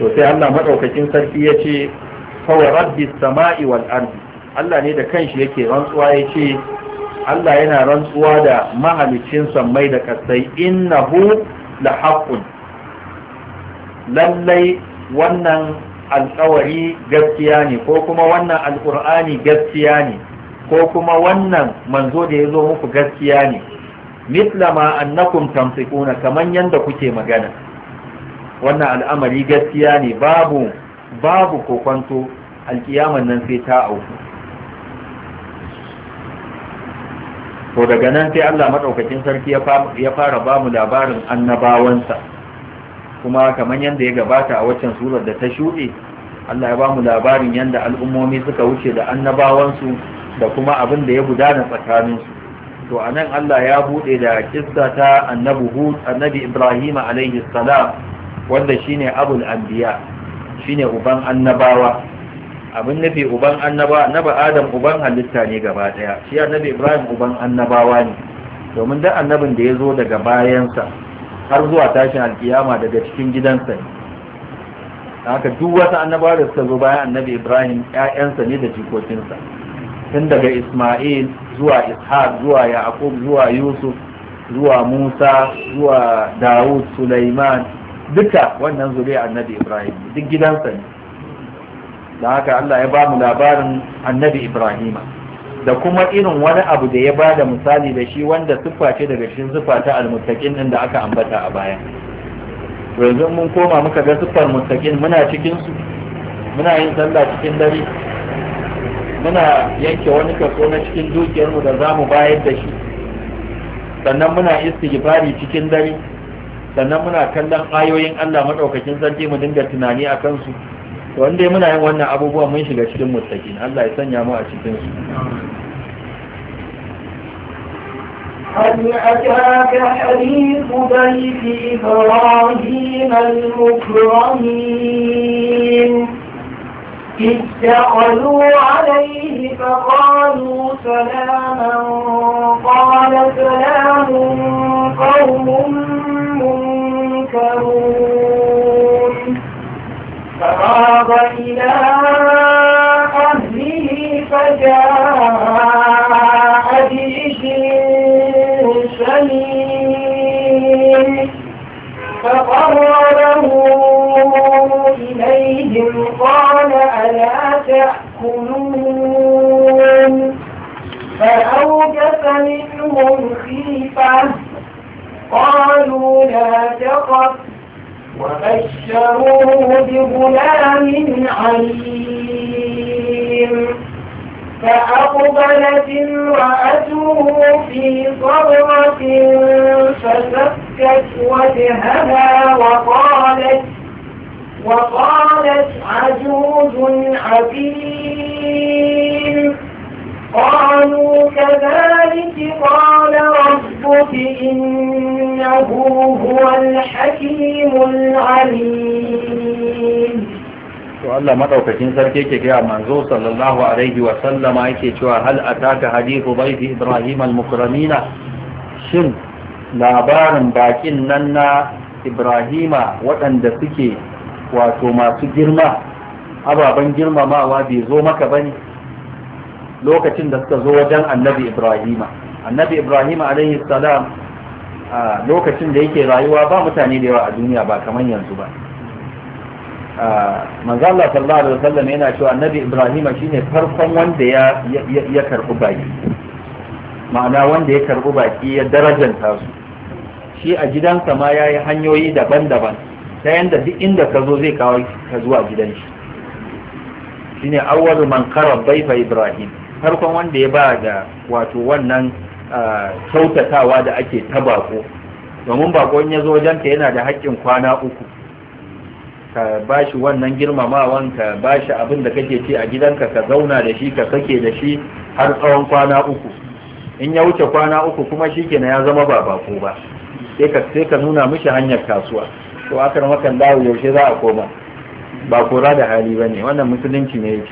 to sai Allah madaukakin sarki ya ce fawa rabbi sama'i wal ardi Allah ne da kanshi yake rantsuwa ya ce Allah yana rantsuwa da mahalicin sammai da kasai innahu la haqqun lallai wannan alƙawari gaskiya ne ko kuma wannan alƙur'ani gaskiya ne ko kuma wannan manzo da ya zo muku gaskiya ne mitla ma annakum tamsikuna kaman yanda kuke magana wannan al'amari gaskiya ne babu babu kokwanto alkiyaman nan sai ta auku to daga nan sai Allah maɗaukacin sarki ya fara ba mu labarin annabawansa kuma kamar yadda ya gabata a waccan surar da ta shuɗe Allah ya ba mu labarin yadda al'ummomi suka wuce da annabawansu da kuma abin da ya gudana tsakaninsu to a nan Allah ya buɗe da kissa ta annabi annabi Ibrahim alaihi wanda shine abul anbiya shine uban annabawa abin nufi uban annabawa annaba adam uban halitta ne gaba daya shi annabi ibrahim uban annabawa ne domin duk annabin da ya zo daga bayansa har zuwa tashin alkiyama daga cikin gidansa ne haka duk wata annabawa da suka zo bayan annabi ibrahim ƴaƴansa ne da jikokinsa tun daga isma'il zuwa ishaq zuwa yaqub zuwa yusuf zuwa musa zuwa dawud sulaiman duka wannan zuriya annabi ibrahim duk gidansa ne da haka Allah ya ba mu labarin annabi ibrahima da kuma irin wani abu da ya ba da misali da shi wanda siffa ce daga cikin siffa ta almuttaqin din da aka ambata a baya yanzu mun koma muka ga siffar muttaqin muna cikin su muna yin sallah cikin dare muna yanke wani kaso na cikin dukiyarmu da zamu bayar da shi sannan muna istighfari cikin dare sannan muna kallon ayoyin Allah maɗaukakin sarki mu dinga tunani a kansu to wanda muna yin wannan abubuwan mun shiga cikin muttaqin Allah ya sanya mu a cikin su هل أتاك حديث بيت إبراهيم المكرمين إذ دخلوا عليه فقالوا سلاما قال سلام قوم يسرون فراغ إلى أهله فجاء بجيش سليم فقرره إليهم قال ألا تأكلون فأوجس منهم خيفة قالوا لا تقف وبشروه بغلام عليم فأقبلت امرأته في صبرة فسكت وجهها وقالت وقالت عجوز عبيد قالوا كذلك قال ربك إنه هو الحكيم العليم to Allah madaukakin sarki yake ga manzo sallallahu alaihi wa sallama yake cewa hal ataka hadithu dhaifi ibrahim al-mukramina shin labarin bakin nan na ibrahima waɗanda suke wato masu girma ababen girmamawa bai zo maka bane lokacin da suka zo wajen annabi ibrahim annabi Ibrahim alayhi salam a lokacin da yake rayuwa ba mutane da yawa a duniya ba kamar yanzu ba manzo Allah sallallahu alaihi wasallam yana cewa annabi ibrahima shine farkon wanda ya ya karbu baki ma'ana wanda ya karbi baki ya darajanta su shi a gidansa ma yayi hanyoyi daban-daban ta yanda duk inda ka zo zai kawo ka zuwa gidan shi shine awwalu man qara bayfa ibrahim farkon wanda ya ba da wato wannan kyautatawa da ake ta bako domin bakon ya zo wajenta yana da haƙƙin kwana uku ka ba shi wannan girmamawan ka ba shi abin da kake ce a gidanka ka zauna da shi ka sake da shi har tsawon kwana uku in ya wuce kwana uku kuma shi kenan ya zama ba bako ba sai ka nuna mishi hanyar kasuwa to akan makan dawo yaushe za a koma ba kora da hali ba ne wannan musulunci ne ya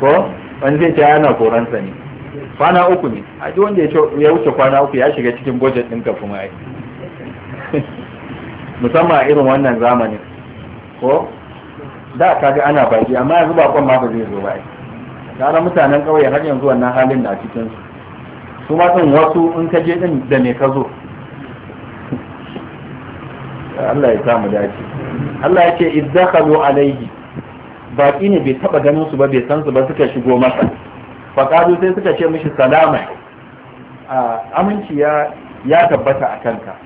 ko wani zai ta yana koransa ne kwana uku ne a duk wanda ya wuce kwana uku ya shiga cikin budget ɗinka kuma yi musamman a irin wannan zamani. ko da kaga ana baki amma yanzu kwan ma ba zai zo ba gara mutanen ƙauye har yanzu wannan halin na cikin su su ma ɗin wasu in ka je ɗin da me ka zo Allah ya samu dace Allah ya ce khalu alaihi Baƙi ne bai taba ganin su ba bai san su ba suka shigo masa faqalu sai suka ce mishi salama aminci ya tabbata a kanka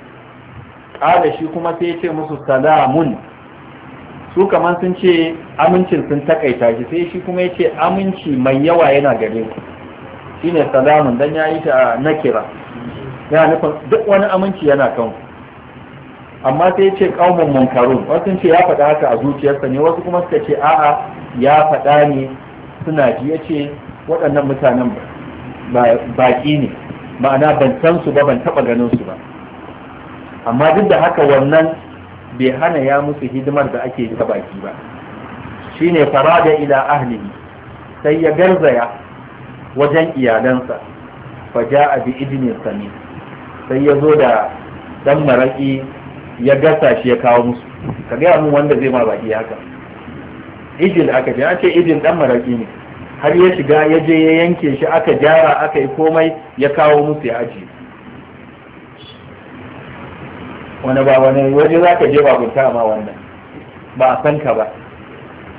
ƙada shi kuma sai ya ce musu salamun su kamar sun ce amincin sun takaita shi sai shi kuma ya ce aminci mai yawa yana gare ku shine salamun dan ya yi ta nakira ya nufin duk wani aminci yana kanku amma sai ce kaumun munkarun wasu ce ya faɗa haka a zuciyarsa ne wasu kuma suka ce a'a ya faɗa ne suna ji ya ce waɗannan mutanen baƙi ne ma'ana ban san su ba ban taɓa ganin su ba amma duk da haka wannan bai hana ya musu hidimar da ake ta baki ba shine farada ila ahlihi sai ya garzaya wajen iyalansa fa ja'a bi idnin sami sai ya zo da dan maraki ya gasa shi ya kawo musu ka gaya mun wanda zai ma baki haka ijil aka ce an ce ijil dan maraki ne har ya shiga ya je ya yanke shi aka gyara aka yi komai ya kawo musu ya ajiye wani ba wani waje za ka je babunta ma wannan ba a san ka ba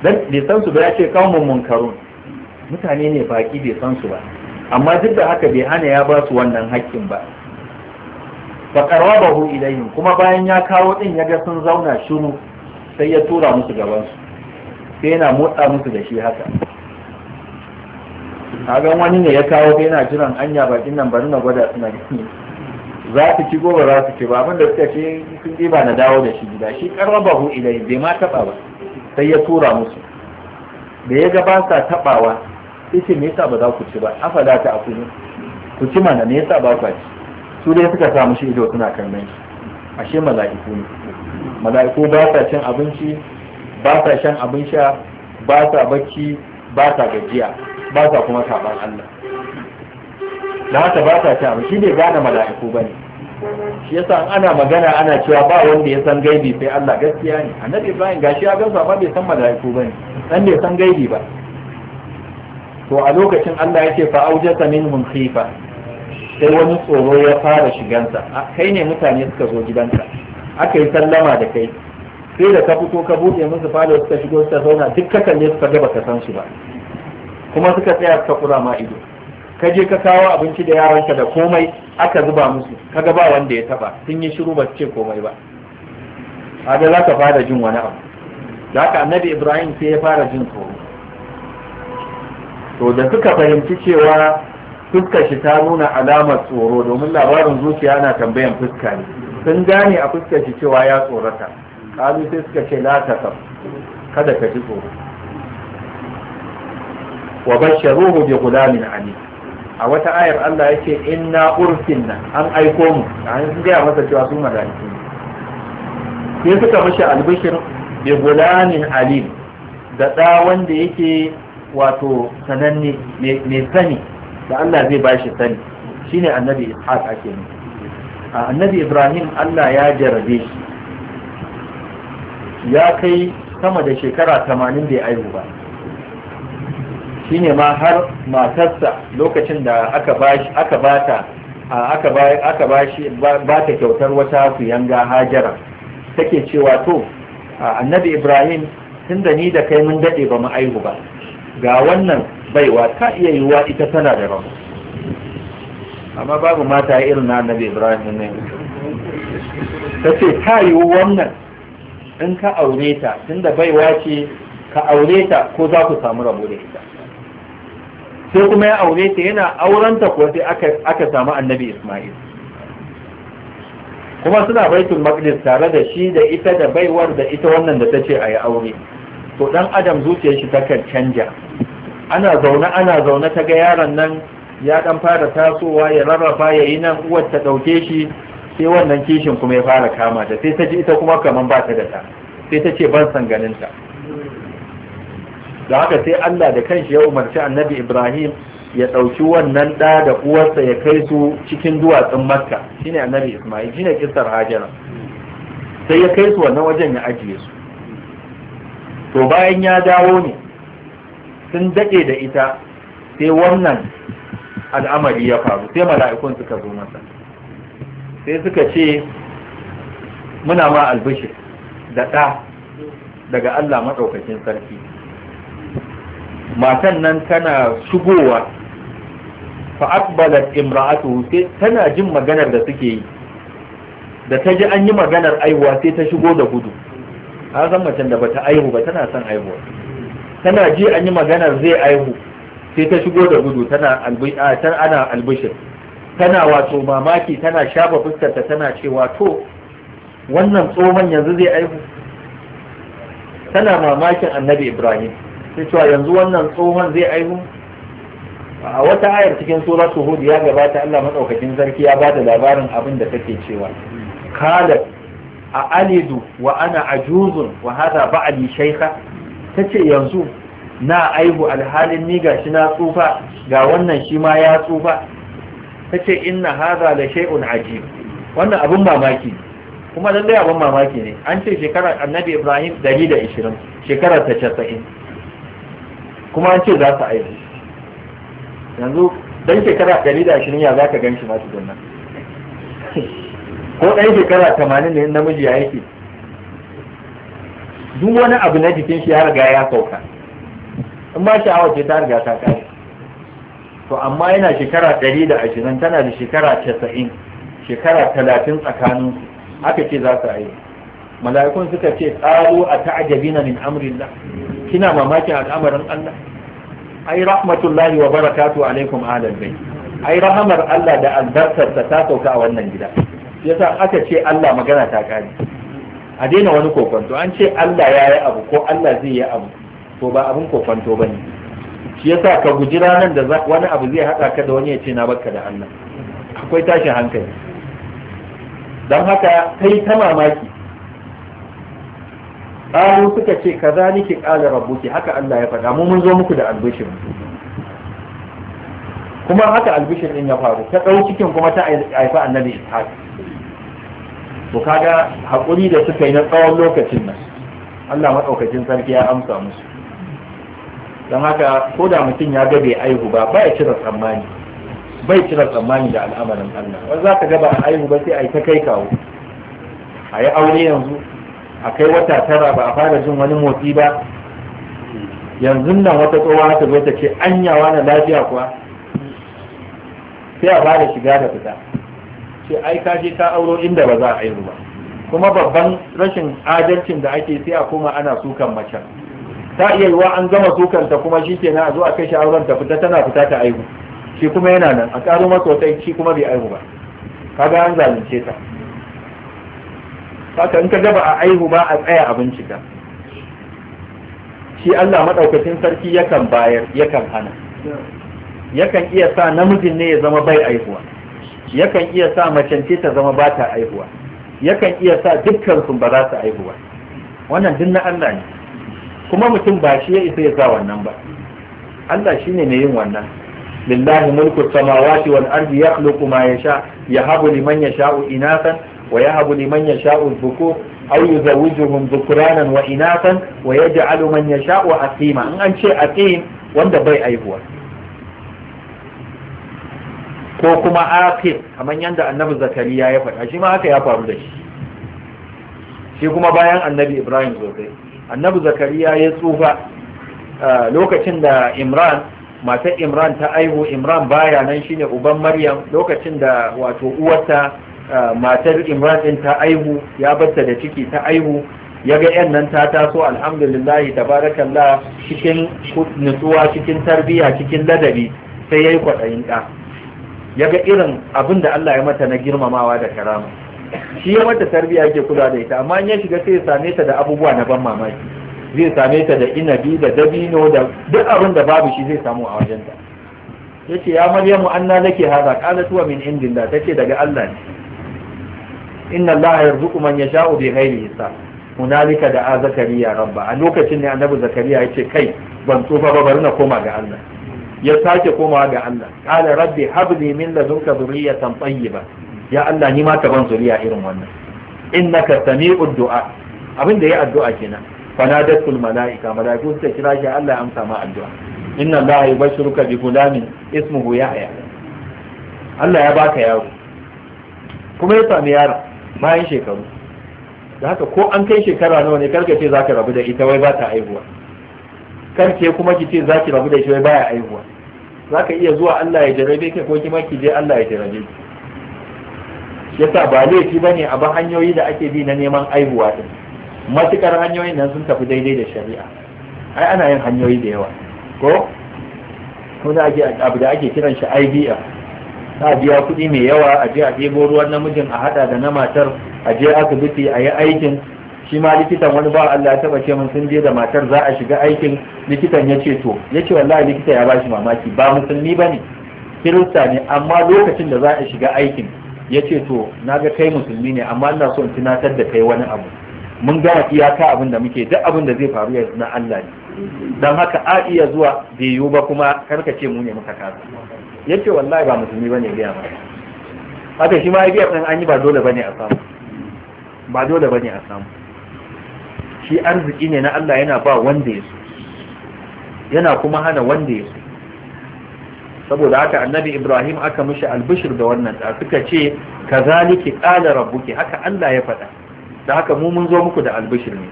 dan bai san su ba ya ce mun munkarun mutane ne baki bai san su ba amma duk da haka bai hana ya ba su wannan haƙƙin ba fa qarrabahu ilayhim kuma bayan ya kawo din yaga sun zauna shiru sai ya tura musu gaban su sai yana motsa musu da shi haka kaga wani ne ya kawo sai yana jiran anya bakin nan bari na gwada suna za su ci gobe za su ci ba da suka ce sun ɗiba na dawo da shi gida shi qarrabahu ilayhim bai ma taba ba sai ya tura musu da ya ga ba sa tabawa sai me yasa ba za ku ci ba afala ta akuni ku ci mana me yasa ba ku ci su dai suka samu shi ido suna kallon shi ashe mala'iku ne mala'iku ba sa cin abinci ba sa shan abin sha ba sa bacci ba sa gajiya ba sa kuma saban Allah da haka ba sa cin abinci bai gane mala'iku bane shi yasa ana magana ana cewa ba wanda ya san gaibi sai Allah gaskiya ne annabi Ibrahim gashi ya gansa ba bai san mala'iku bane dan bai san gaibi ba to a lokacin Allah yake fa aujata minhum khifa sai wani tsoro ya fara shigansa kai ne mutane suka zo gidanka aka yi sallama da kai sai da ka fito ka buɗe musu falo suka shigo suka zauna duk ka kalle suka ga ka san su ba kuma suka tsaya suka kura ma ido ka je ka kawo abinci da yaranka da komai aka zuba musu kaga ba wanda ya taba sun yi shiru ba su ce komai ba kaga za ka fara jin wani abu da haka annabi ibrahim sai ya fara jin tsoro to da suka fahimci cewa fuskar shi ta nuna alamar tsoro domin labarin zuciya ana tambayan fuska ne sun gane a fuskar shi cewa ya tsorata kalu sai suka ce la ta kada ka ji tsoro wa basharuhu bi gulamin ali a wata ayar Allah yake inna ursinna an aiko mu an sun gaya masa cewa sun malaiku sai suka mishi albishir bi gulamin alim da wanda yake wato sananne mai sani da Allah zai ba shi sani ne annabi ishaq ake ne annabi ibrahim Allah ya jarabe shi ya kai sama da shekara tamanin bai aihu ba Shi ne ma har matarsa lokacin da aka bashi aka bata aka ba aka shi ba ta kyautar wata kuyanga hajara take cewa to annabi ibrahim tunda ni da kai mun dade ba mu aihu ba ga wannan baiwa ta iya yiwuwa ita tana da rabo amma babu mata irin na annabi ibrahim ne ta ce ta yi wannan in ka aure ta tunda baiwa ce ka aure ta ko za ku samu rabo da ita sai kuma ya aure ta yana aurenta kuwa sai aka samu annabi ismail kuma suna baitul maqdis tare da shi da ita da baiwar da ita wannan da ta ce a yi aure to dan adam zuciyar shi takan canja ana zaune ana zaune ta ga yaron nan ya dan fara tasowa ya rarrafa ya yi nan uwar ta ɗauke shi sai wannan kishin kuma ya fara kama ta sai ta ji ita kuma kaman ba ta da ta sai ta ce ban san ganin ta da haka sai Allah da kanshi ya umarci annabi Ibrahim ya ɗauki wannan ɗa da uwarsa ya kai su cikin duwatsun makka shine annabi Ismail shine kisar hajara sai ya kai su wannan wajen ya ajiye su to bayan ya dawo ne sun daɗe da ita sai wannan al'amari ya faru sai mala'ikun suka zo masa sai suka ce muna ma albishir da ɗa daga Allah maɗaukakin sarki matan nan tana shigowa fa'akbalat imra'atu sai tana jin maganar da suke yi da ta ji an yi maganar aihuwa sai ta shigo da gudu a san macen da bata aihu ba tana son aihuwa tana ji an yi maganar zai aihu sai ta shigo da gudu tana ana albishir tana wato mamaki tana shafa fuskarta tana cewa to wannan tsohon yanzu zai aihu tana mamakin annabi ibrahim sai cewa yanzu wannan tsohon zai aihu a wata ayar cikin suratul hud ya gabata Allah madaukakin sarki ya bada labarin abin da take cewa kalat a alidu wa ana ajuzun wa hadha ba'li shaykha ta ce yanzu na aihu alhalin ni ga shi na tsufa ga wannan shi ma ya tsufa ta ce na haza da sha'un aji. wannan abin mamaki kuma dai abin mamaki ne an ce shekarar annabi ibrahim 120 shekarar ta casa'in kuma an ce za su aihu yanzu dan shekara 120 ya za ka gan shi masu tukunna ko dan shekara 80 ne namiji ya yake duk wani abu na jikin shi ya riga ya sauka in ma sha'awa ce ta riga ta kare to amma yana shekara ɗari da ashirin tana da shekara casa'in shekara talatin tsakanin aka ce za su aiki. mala'ikun suka ce tsaro a ta'ajabina min amrillah kina mamakin al'amarin Allah ai rahmatullahi wa barakatu alaikum ahlal bait ai rahamar Allah da albarkarsa ta sauka a wannan gida yasa aka ce Allah magana ta kare a daina wani kofanto an ce Allah ya yi abu ko Allah zai yi abu to ba abin kofanto ba ne shi yasa ka guji ranar da wani abu zai haɗa ka da wani ya ce na baka da Allah akwai tashin hankali don haka yi ta mamaki ƙalu suka ce ka za niki ƙalar rabbuki haka Allah ya faɗa mu mun zo muku da albishir kuma haka albishir ɗin ya faru ta ɗau cikin kuma ta haifa annabi ishaq to kaga hakuri da suka yi na tsawon lokacin nan Allah maɗaukacin sarki ya amsa musu don haka ko da mutum ya ga bai aihu ba bai tsammani bai cire tsammani da al'amarin Allah wani za ka gaba aihu ba sai a yi ta kai kawo a yi aure yanzu a kai wata tara ba a fara jin wani motsi ba yanzu nan wata tsohuwa ta zo ta ce anyawa na lafiya kuwa sai a fara shiga da fita ce ai ka je ka auro inda ba za a yi ba kuma babban rashin adalcin da ake sai a koma ana sukan macen ta iya yiwa an gama ta kuma shi ke na a zo a kai shi auren ta fita tana fita ta aihu shi kuma yana nan a karo masa wata shi kuma bai aihu ba kaga an zalunce ta haka in ka gaba a aihu ba a tsaya a bincika shi Allah madaukakin sarki yakan bayar yakan hana yakan iya sa namijin ne ya zama bai aihuwa yakan iya sa macance ta zama ba ta aihuwa yakan iya sa dukkan sun ba za su aihuwa wannan duk na Allah ne kuma mutum ba shi ya isa ya sa wannan ba Allah shine mai yin wannan lillahi mulku samawati wal ardi yakhluqu ma yasha yahabu liman yasha'u inathan wa yahabu liman yasha'u dhukur aw yuzawwijuhum dhukranan wa inathan wa yaj'alu man yasha'u aqima in an ce aqim wanda bai aihuwa ko kuma aqil kamar yadda annabi zakariya ya faɗa shi ma haka ya faru da shi shi kuma bayan annabi ibrahim sosai, annabi zakariya ya tsufa lokacin da imran matar imran ta aihu imran baya nan shine uban maryam lokacin da wato uwarta matar imran din ta aihu ya batta da ciki ta aihu ya ga yan nan ta taso alhamdulillahi tabarakallah cikin nutsuwa cikin tarbiyya cikin ladabi sai yayi kwaɗayin ɗa ya ga irin abin da Allah ya mata na girmamawa da karama shi ya mata tarbiyya yake kula da ita amma in ya shiga sai ya same ta da abubuwa na ban mamaki zai same ta da inabi da dabino da duk abin da babu shi zai samu a wajenta yace ya maryamu anna laki hada qalat wa min indillah tace daga Allah ne inna allaha yarzuqu man yasha'u bi ghairi hisab hunalika da zakariya rabba a lokacin ne annabi zakariya ya ce kai ban tsufa ba bari na koma ga Allah ya sake komawa ga Allah qala rabbi habli min ladunka dhurriyatan tayyiba ya Allah ni ma ka ban zuriya irin wannan innaka sami'ud du'a abin da ya addu'a kenan fanadatul malaika malaiku suka kira shi Allah ya amsa ma addu'a inna Allah yubashshiruka bi gulamin ismuhu yahya Allah ya baka yaro kuma ya sami yaro bayan shekaru da haka ko an kai shekara nawa ne karka ce zaka rabu da ita wai ba ta aihuwa Kar kuma ki ce zaki rabu da shi wai baya aihuwa zaka iya zuwa Allah ya jarabe ki ko kuma ki je Allah ya jarabe ki yasa ba laifi bane a ba hanyoyi da ake bi na neman aihuwa din matukar hanyoyin nan sun tafi daidai da shari'a ai ana yin hanyoyi da yawa ko kuma ake abu da ake kiran shi IVF ta biya kuɗi mai yawa a je a ɗebo ruwan namijin a haɗa da na matar a je asibiti a yi aikin shi ma likitan wani ba Allah ya taba ce mun sun je da matar za a shiga aikin likitan ya ce to ya ce wallahi likita ya bashi mamaki ba musulmi ba ne kirista ne amma lokacin da za a shiga aikin ya ce to na ga kai musulmi ne amma ina so in tunatar da kai wani abu mun gama iyaka abin da muke duk abin da zai faru yanzu na Allah ne don haka a iya zuwa bai yiwu ba kuma karka ce mu ne muka kasa ya ce wallahi ba musulmi ba ne gaya ma haka shi ma ya gaya an yi ba dole ba ne a samu ba dole ba ne a samu shi arziki ne na Allah yana ba wanda ya yana kuma hana wanda ya so saboda haka annabi Ibrahim aka mishi albishir da wannan da suka ce kazalika qala rabbuki haka Allah ya faɗa da haka mu mun zo muku da albishir ne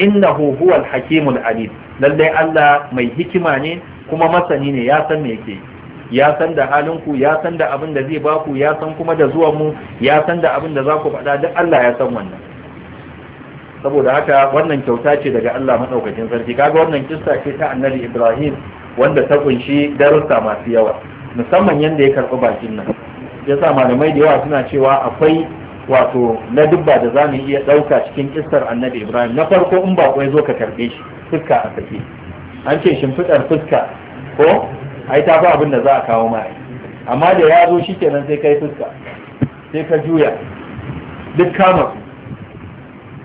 innahu huwal hakimul alim lallai Allah mai hikima ne kuma masani ne ya san me yake ya san da halinku ya san da abin da zai baku ya san kuma da zuwan mu ya san da abin da za ku faɗa duk Allah ya san wannan saboda haka wannan kyauta ce daga Allah madaukakin sarki kaga wannan kissa ce ta annabi Ibrahim wanda ta kunshi darussa masu yawa musamman yanda ya karɓi bakin nan yasa malamai da yawa suna cewa akwai wato na dubba da za mu iya ɗauka cikin kissar annabi Ibrahim na farko in ba ya zo ka karɓe shi fuska a saki. an ce shimfiɗar fuska ko ai ta fi abin da za a kawo ma amma da ya zo shi kenan sai kai fuska sai ka juya duk kama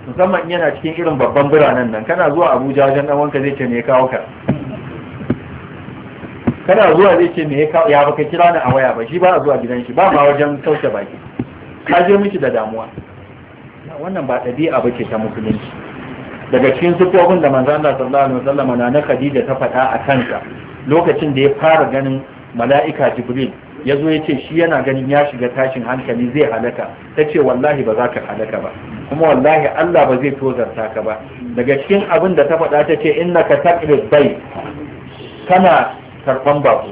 musamman yana cikin irin babban biranen nan kana zuwa abuja wajen dan wanka zai ce me ya kawo ka kana zuwa zai ce me ya kawo ya baka kira ni a waya ba shi ba a zuwa gidan shi ba ma wajen kauce baki ka je miki da damuwa wannan ba ɗabi'a ba ce ta musulunci daga cikin sufofin da manzo Allah sallallahu alaihi wasallam na Khadija ta faɗa a kansa lokacin da ya fara ganin mala'ika Jibril ya zo ya ce shi yana ganin ya shiga tashin hankali zai halaka ta ce wallahi ba za ka halaka ba kuma wallahi Allah ba zai tozarta ka ba daga cikin abin da ta faɗa ta ce na ka taqrid bai kana karɓan bako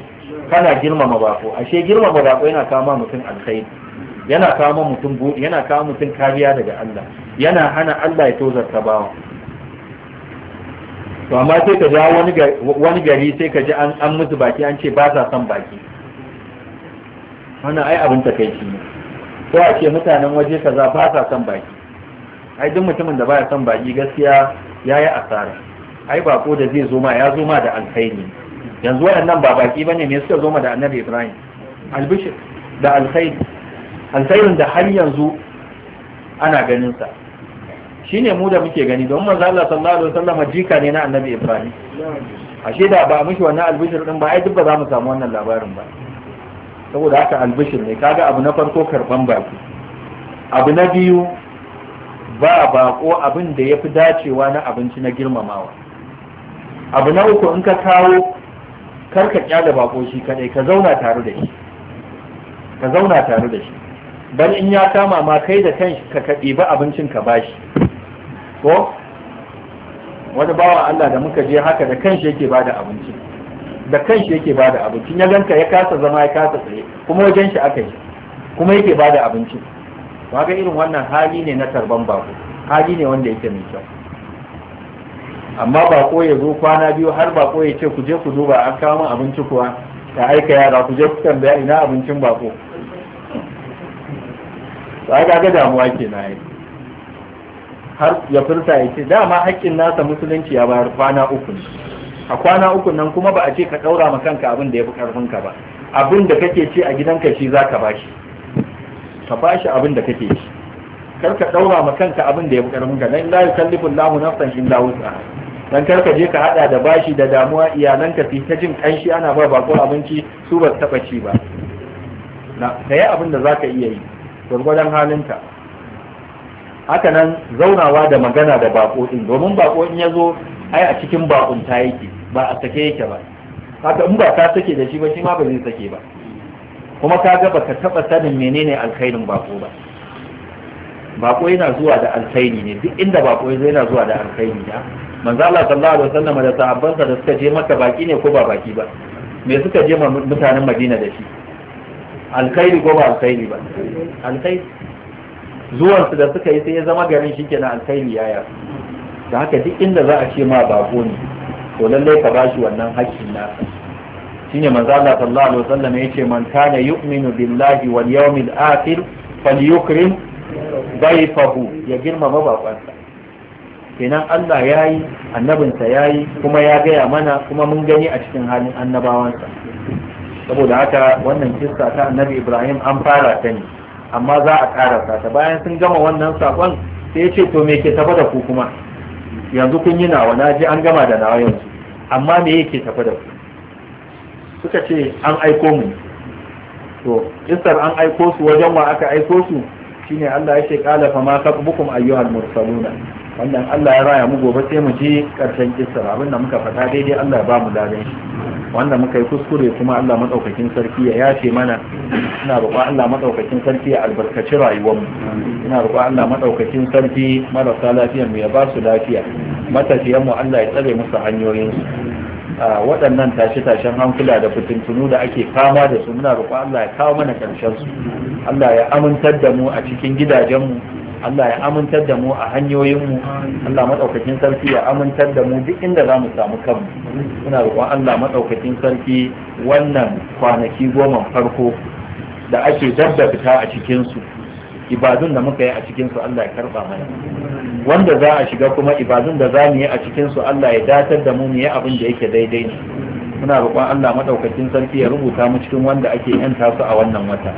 kana girmama bako ashe girmama bako yana kama mutum alkhairi yana kama mutum yana kama mutum kariya daga Allah yana hana Allah ya tozarta bawa to amma sai ka ja wani gari sai ka ji an musu baki an ce ba sa son baki wannan ai abin takaici ne ko a ce mutanen waje kaza ba sa son baki ai duk mutumin da baya son baki gaskiya yayi asara ai ko da zai zo ma ya zo ma da alkhairi yanzu waɗannan ba baki bane me suka zo ma da annabi Ibrahim albishir da alkhairi alkhairin da har yanzu ana ganin sa shine mu da muke gani don manzo Allah sallallahu alaihi wasallam jika ne na annabi Ibrahim ashe da ba mishi wannan albishir din ba ai duk ba za mu samu wannan labarin ba saboda haka albishir ne kaga abu na farko karban baki abu na biyu ba bako abin da ya fi dacewa na abinci na girmamawa abu na uku in ka kawo karka kyale bako shi kadai ka zauna tare da shi ka zauna tare da shi bal in ya kama ma kai da kanshi ka kaɗi ba abincin ka bashi ko wani bawa Allah da muka je haka da kanshi yake bada abincin da kanshi yake bada abinci, ya ganka ya kasa zama ya kasa tsaye kuma wajen shi aka yi kuma yake bada abinci Ba ga irin wannan hali ne na tarban bako hali ne wanda yake mai kyau amma bako ya zo kwana biyu har bako ya ce ku je ku duba an kawo min abinci kuwa ta aika yara ku je ku tambaya ina abincin bako ba ga ga damuwa ke na yi har ya furta ya ce dama haƙƙin nasa musulunci ya bayar kwana uku ne a kwana uku nan kuma ba a ce ka ɗaura ma kanka abin da ya fi ka ba abin da kake ci a gidanka shi za ka bashi ka bashi abin da kake ci kar ka ɗaura ma kanka abin da ya fi nan dan kallifin lamu na nafsan illa wus'aha dan kar ka je ka hada da bashi da damuwa iyalanka fi ta jin ƙanshi ana ba bako abinci su ba taɓa ci ba na ka yi abin da za ka iya yi gwargwadon halinka haka nan zaunawa da magana da bako din domin bako in ya zo ai a cikin bakunta yake ba a sake yake ba haka in ba ka sake da shi ba shi ma ba zai sake ba kuma ka ga baka taba sanin menene alkhairin bako ba bako yana zuwa da alkhairi ne duk inda bako yana zuwa da alkhairi ne manzo Allah sallallahu alaihi wasallam da sahabbansa da suka je maka baki ne ko ba baki ba me suka je ma mutanen Madina da shi alkhairi ko ba alkhairi ba alkhairi zuwan su da suka yi sai ya zama garin shi kenan alkhairi yaya da haka duk inda za a ce ma bako ne to lallai ka bashi wannan haƙƙin nasa shine manzo Allah sallallahu alaihi wasallam yace man kana yu'minu billahi wal yawmil akhir falyukrim dayfahu ya girmama baƙonsa kenan Allah yayi annabinsa yayi kuma ya gaya mana kuma mun gani a cikin halin annabawansa saboda haka wannan kissa ta annabi Ibrahim an fara ta ne amma za a karasa ta bayan sun gama wannan sakon sai ya ce to me ke tafa da ku kuma yanzu kun yi nawa na ji an gama da nawa yanzu amma me yake tafi da ku suka ce an aiko mu to isar an aiko su wajen wa aka aiko su shine Allah ya ce qala fa ma sabbukum ayyuhal mursaluna wannan Allah ya raya mu gobe sai mu ji karshen kissar da muka fata daidai Allah ya ba mu ladan shi wanda muka yi kuskure kuma Allah madaukakin sarki ya yace mana ina roƙo Allah madaukakin sarki ya albarkaci rayuwar mu ina roƙo Allah madaukakin sarki marasa lafiyar mu ya ba su lafiya matafiyan mu Allah ya tsare musu hanyoyin su waɗannan tashe-tashen hankula da fitintunu da ake fama da su muna roƙo Allah ya kawo mana ƙarshen su Allah ya amintar da mu a cikin gidajen mu Allah ya amintar da mu a hanyoyinmu Allah maɗaukakin sarki ya amintar da mu duk inda za mu samu kanmu muna roƙon Allah maɗaukakin sarki wannan kwanaki goma farko da ake dabda fita a cikinsu ibadun da muka yi a cikinsu Allah ya karɓa mana wanda za a shiga kuma ibadun da za mu yi a cikinsu Allah ya datar da mu mu yi abin da yake daidai ne muna roƙon Allah madaukakin sarki ya rubuta mu cikin wanda ake yanta su a wannan wata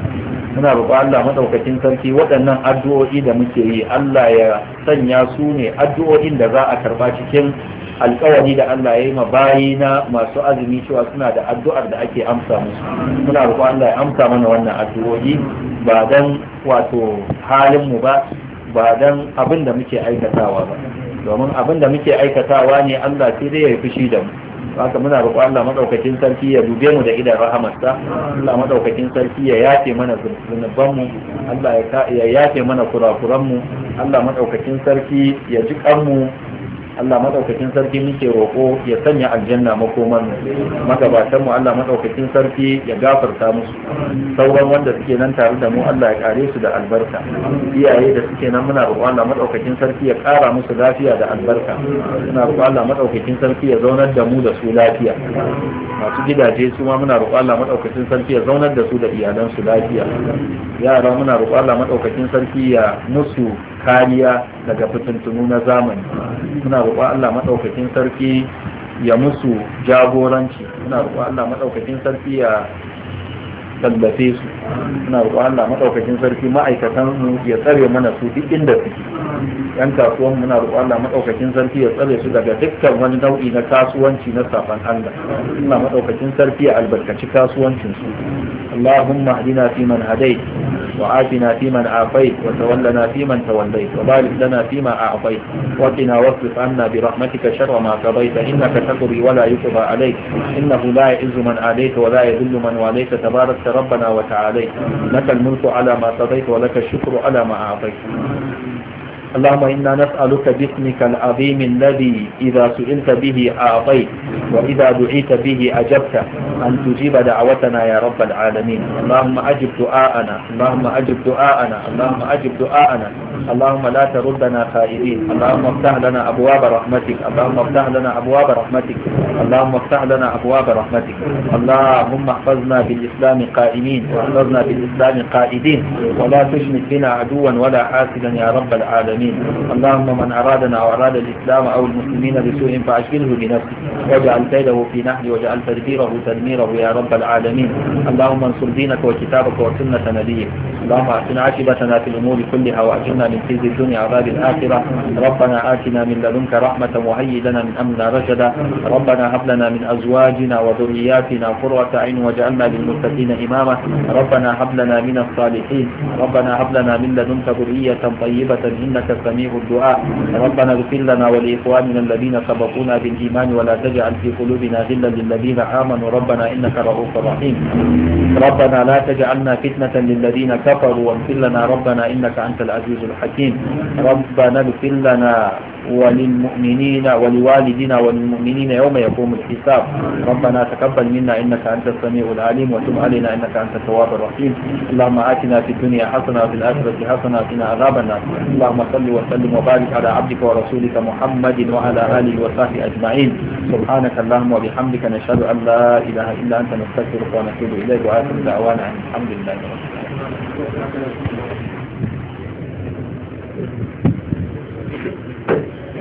muna roƙon Allah madaukakin sarki waɗannan addu'o'i da muke yi Allah ya sanya su ne addu'o'in da za a karba cikin alƙawari da Allah ya yi ma bayina masu azumi cewa suna da addu'ar da ake amsa musu muna roƙon Allah ya amsa mana wannan addu'o'i ba dan wato halin mu ba ba dan abin da muke aikatawa ba domin abin da muke aikatawa ne Allah sai dai ya yi fushi da mu haka muna roƙo Allah madaukakin sarki ya dube mu da idan rahamarsa Allah madaukakin sarki ya yace mana zunuban mu Allah ya yafe mana kurakuran mu Allah madaukakin sarki ya ji mu Allah madaukakin sarki muke roƙo ya sanya aljanna makoman magabatan mu Allah madaukakin sarki ya gafarta musu sauran wanda suke nan tare da mu Allah ya kare su da albarka iyaye da suke nan muna roƙo Allah madaukakin sarki ya ƙara musu lafiya da albarka muna roƙo Allah madaukakin sarki ya zaunar da mu da su lafiya masu gidaje su ma muna roƙo Allah madaukakin sarki ya zaunar da su da iyalan su lafiya yara muna roƙo Allah madaukakin sarki ya musu kariya daga fitintunu na zamani muna roƙon Allah maɗaukakin sarki ya musu jagoranci muna roƙon Allah maɗaukakin sarki ya tallafe su muna roƙon Allah maɗaukakin sarki ma'aikatan mu ya tsare mana su duk inda suke yan kasuwan muna roƙon Allah maɗaukakin sarki ya tsare su daga dukkan wani nau'i na kasuwanci na safan Allah muna maɗaukakin sarki ya albarkaci kasuwancin su hadina fi man هديت وآتنا فيمن آفيت وتولنا فيمن توليت وبارك لنا فيما أعطيت وقنا واصرف عنا برحمتك شر ما قضيت إنك تقضي ولا يقضى عليك إنه لا يعز من آليت ولا يذل من واليت تبارك ربنا وتعاليت لك الملك على ما قضيت ولك الشكر على ما أعطيت اللهم إنا نسألك باسمك العظيم الذي إذا سئلت به أعطيت وإذا دعيت به أجبت أن تجيب دعوتنا يا رب العالمين اللهم أجب دعاءنا اللهم أجب دعاءنا اللهم أجب دعاءنا اللهم لا تردنا خائبين اللهم افتح لنا أبواب رحمتك اللهم افتح لنا أبواب رحمتك اللهم افتح لنا أبواب رحمتك اللهم احفظنا بالإسلام قائمين واحفظنا بالإسلام قائدين ولا تشمت بنا عدوا ولا حاسدا يا رب العالمين العالمين اللهم من أرادنا وأراد الإسلام أو المسلمين بسوء فأشغله بنفسه واجعل كيده في نحن واجعل تدبيره تدميره يا رب العالمين اللهم انصر دينك وكتابك وسنة نبيك اللهم أحسن عاقبتنا في الأمور كلها وأجرنا من خزي الدنيا عذاب الآخرة ربنا آتنا من لدنك رحمة وهيئ لنا من أمرنا رشدا ربنا هب لنا من أزواجنا وذرياتنا قرة عين واجعلنا للمتقين إماما ربنا هب لنا من الصالحين ربنا هب لنا من لدنك ذرية طيبة إنك سميع الدعاء ربنا اغفر لنا ولإخواننا الذين سبقونا بالإيمان ولا تجعل في قلوبنا غلا للذين آمنوا ربنا إنك رؤوف رحيم ربنا لا تجعلنا فتنة للذين كفروا واغفر لنا ربنا إنك أنت العزيز الحكيم ربنا اغفر لنا وللمؤمنين ولوالدنا وللمؤمنين يوم يقوم الحساب ربنا تقبل منا إنك أنت السميع العليم وتب علينا إنك أنت التواب الرحيم اللهم آتنا في الدنيا حسنة وفي الآخرة حسنة وقنا عذاب النار اللهم صل وسلم وبارك على عبدك ورسولك محمد وعلى آله وصحبه أجمعين سبحانك اللهم وبحمدك نشهد أن لا إله إلا أنت نستغفرك ونتوب إليك وآخر دعوانا عن الحمد لله رب العالمين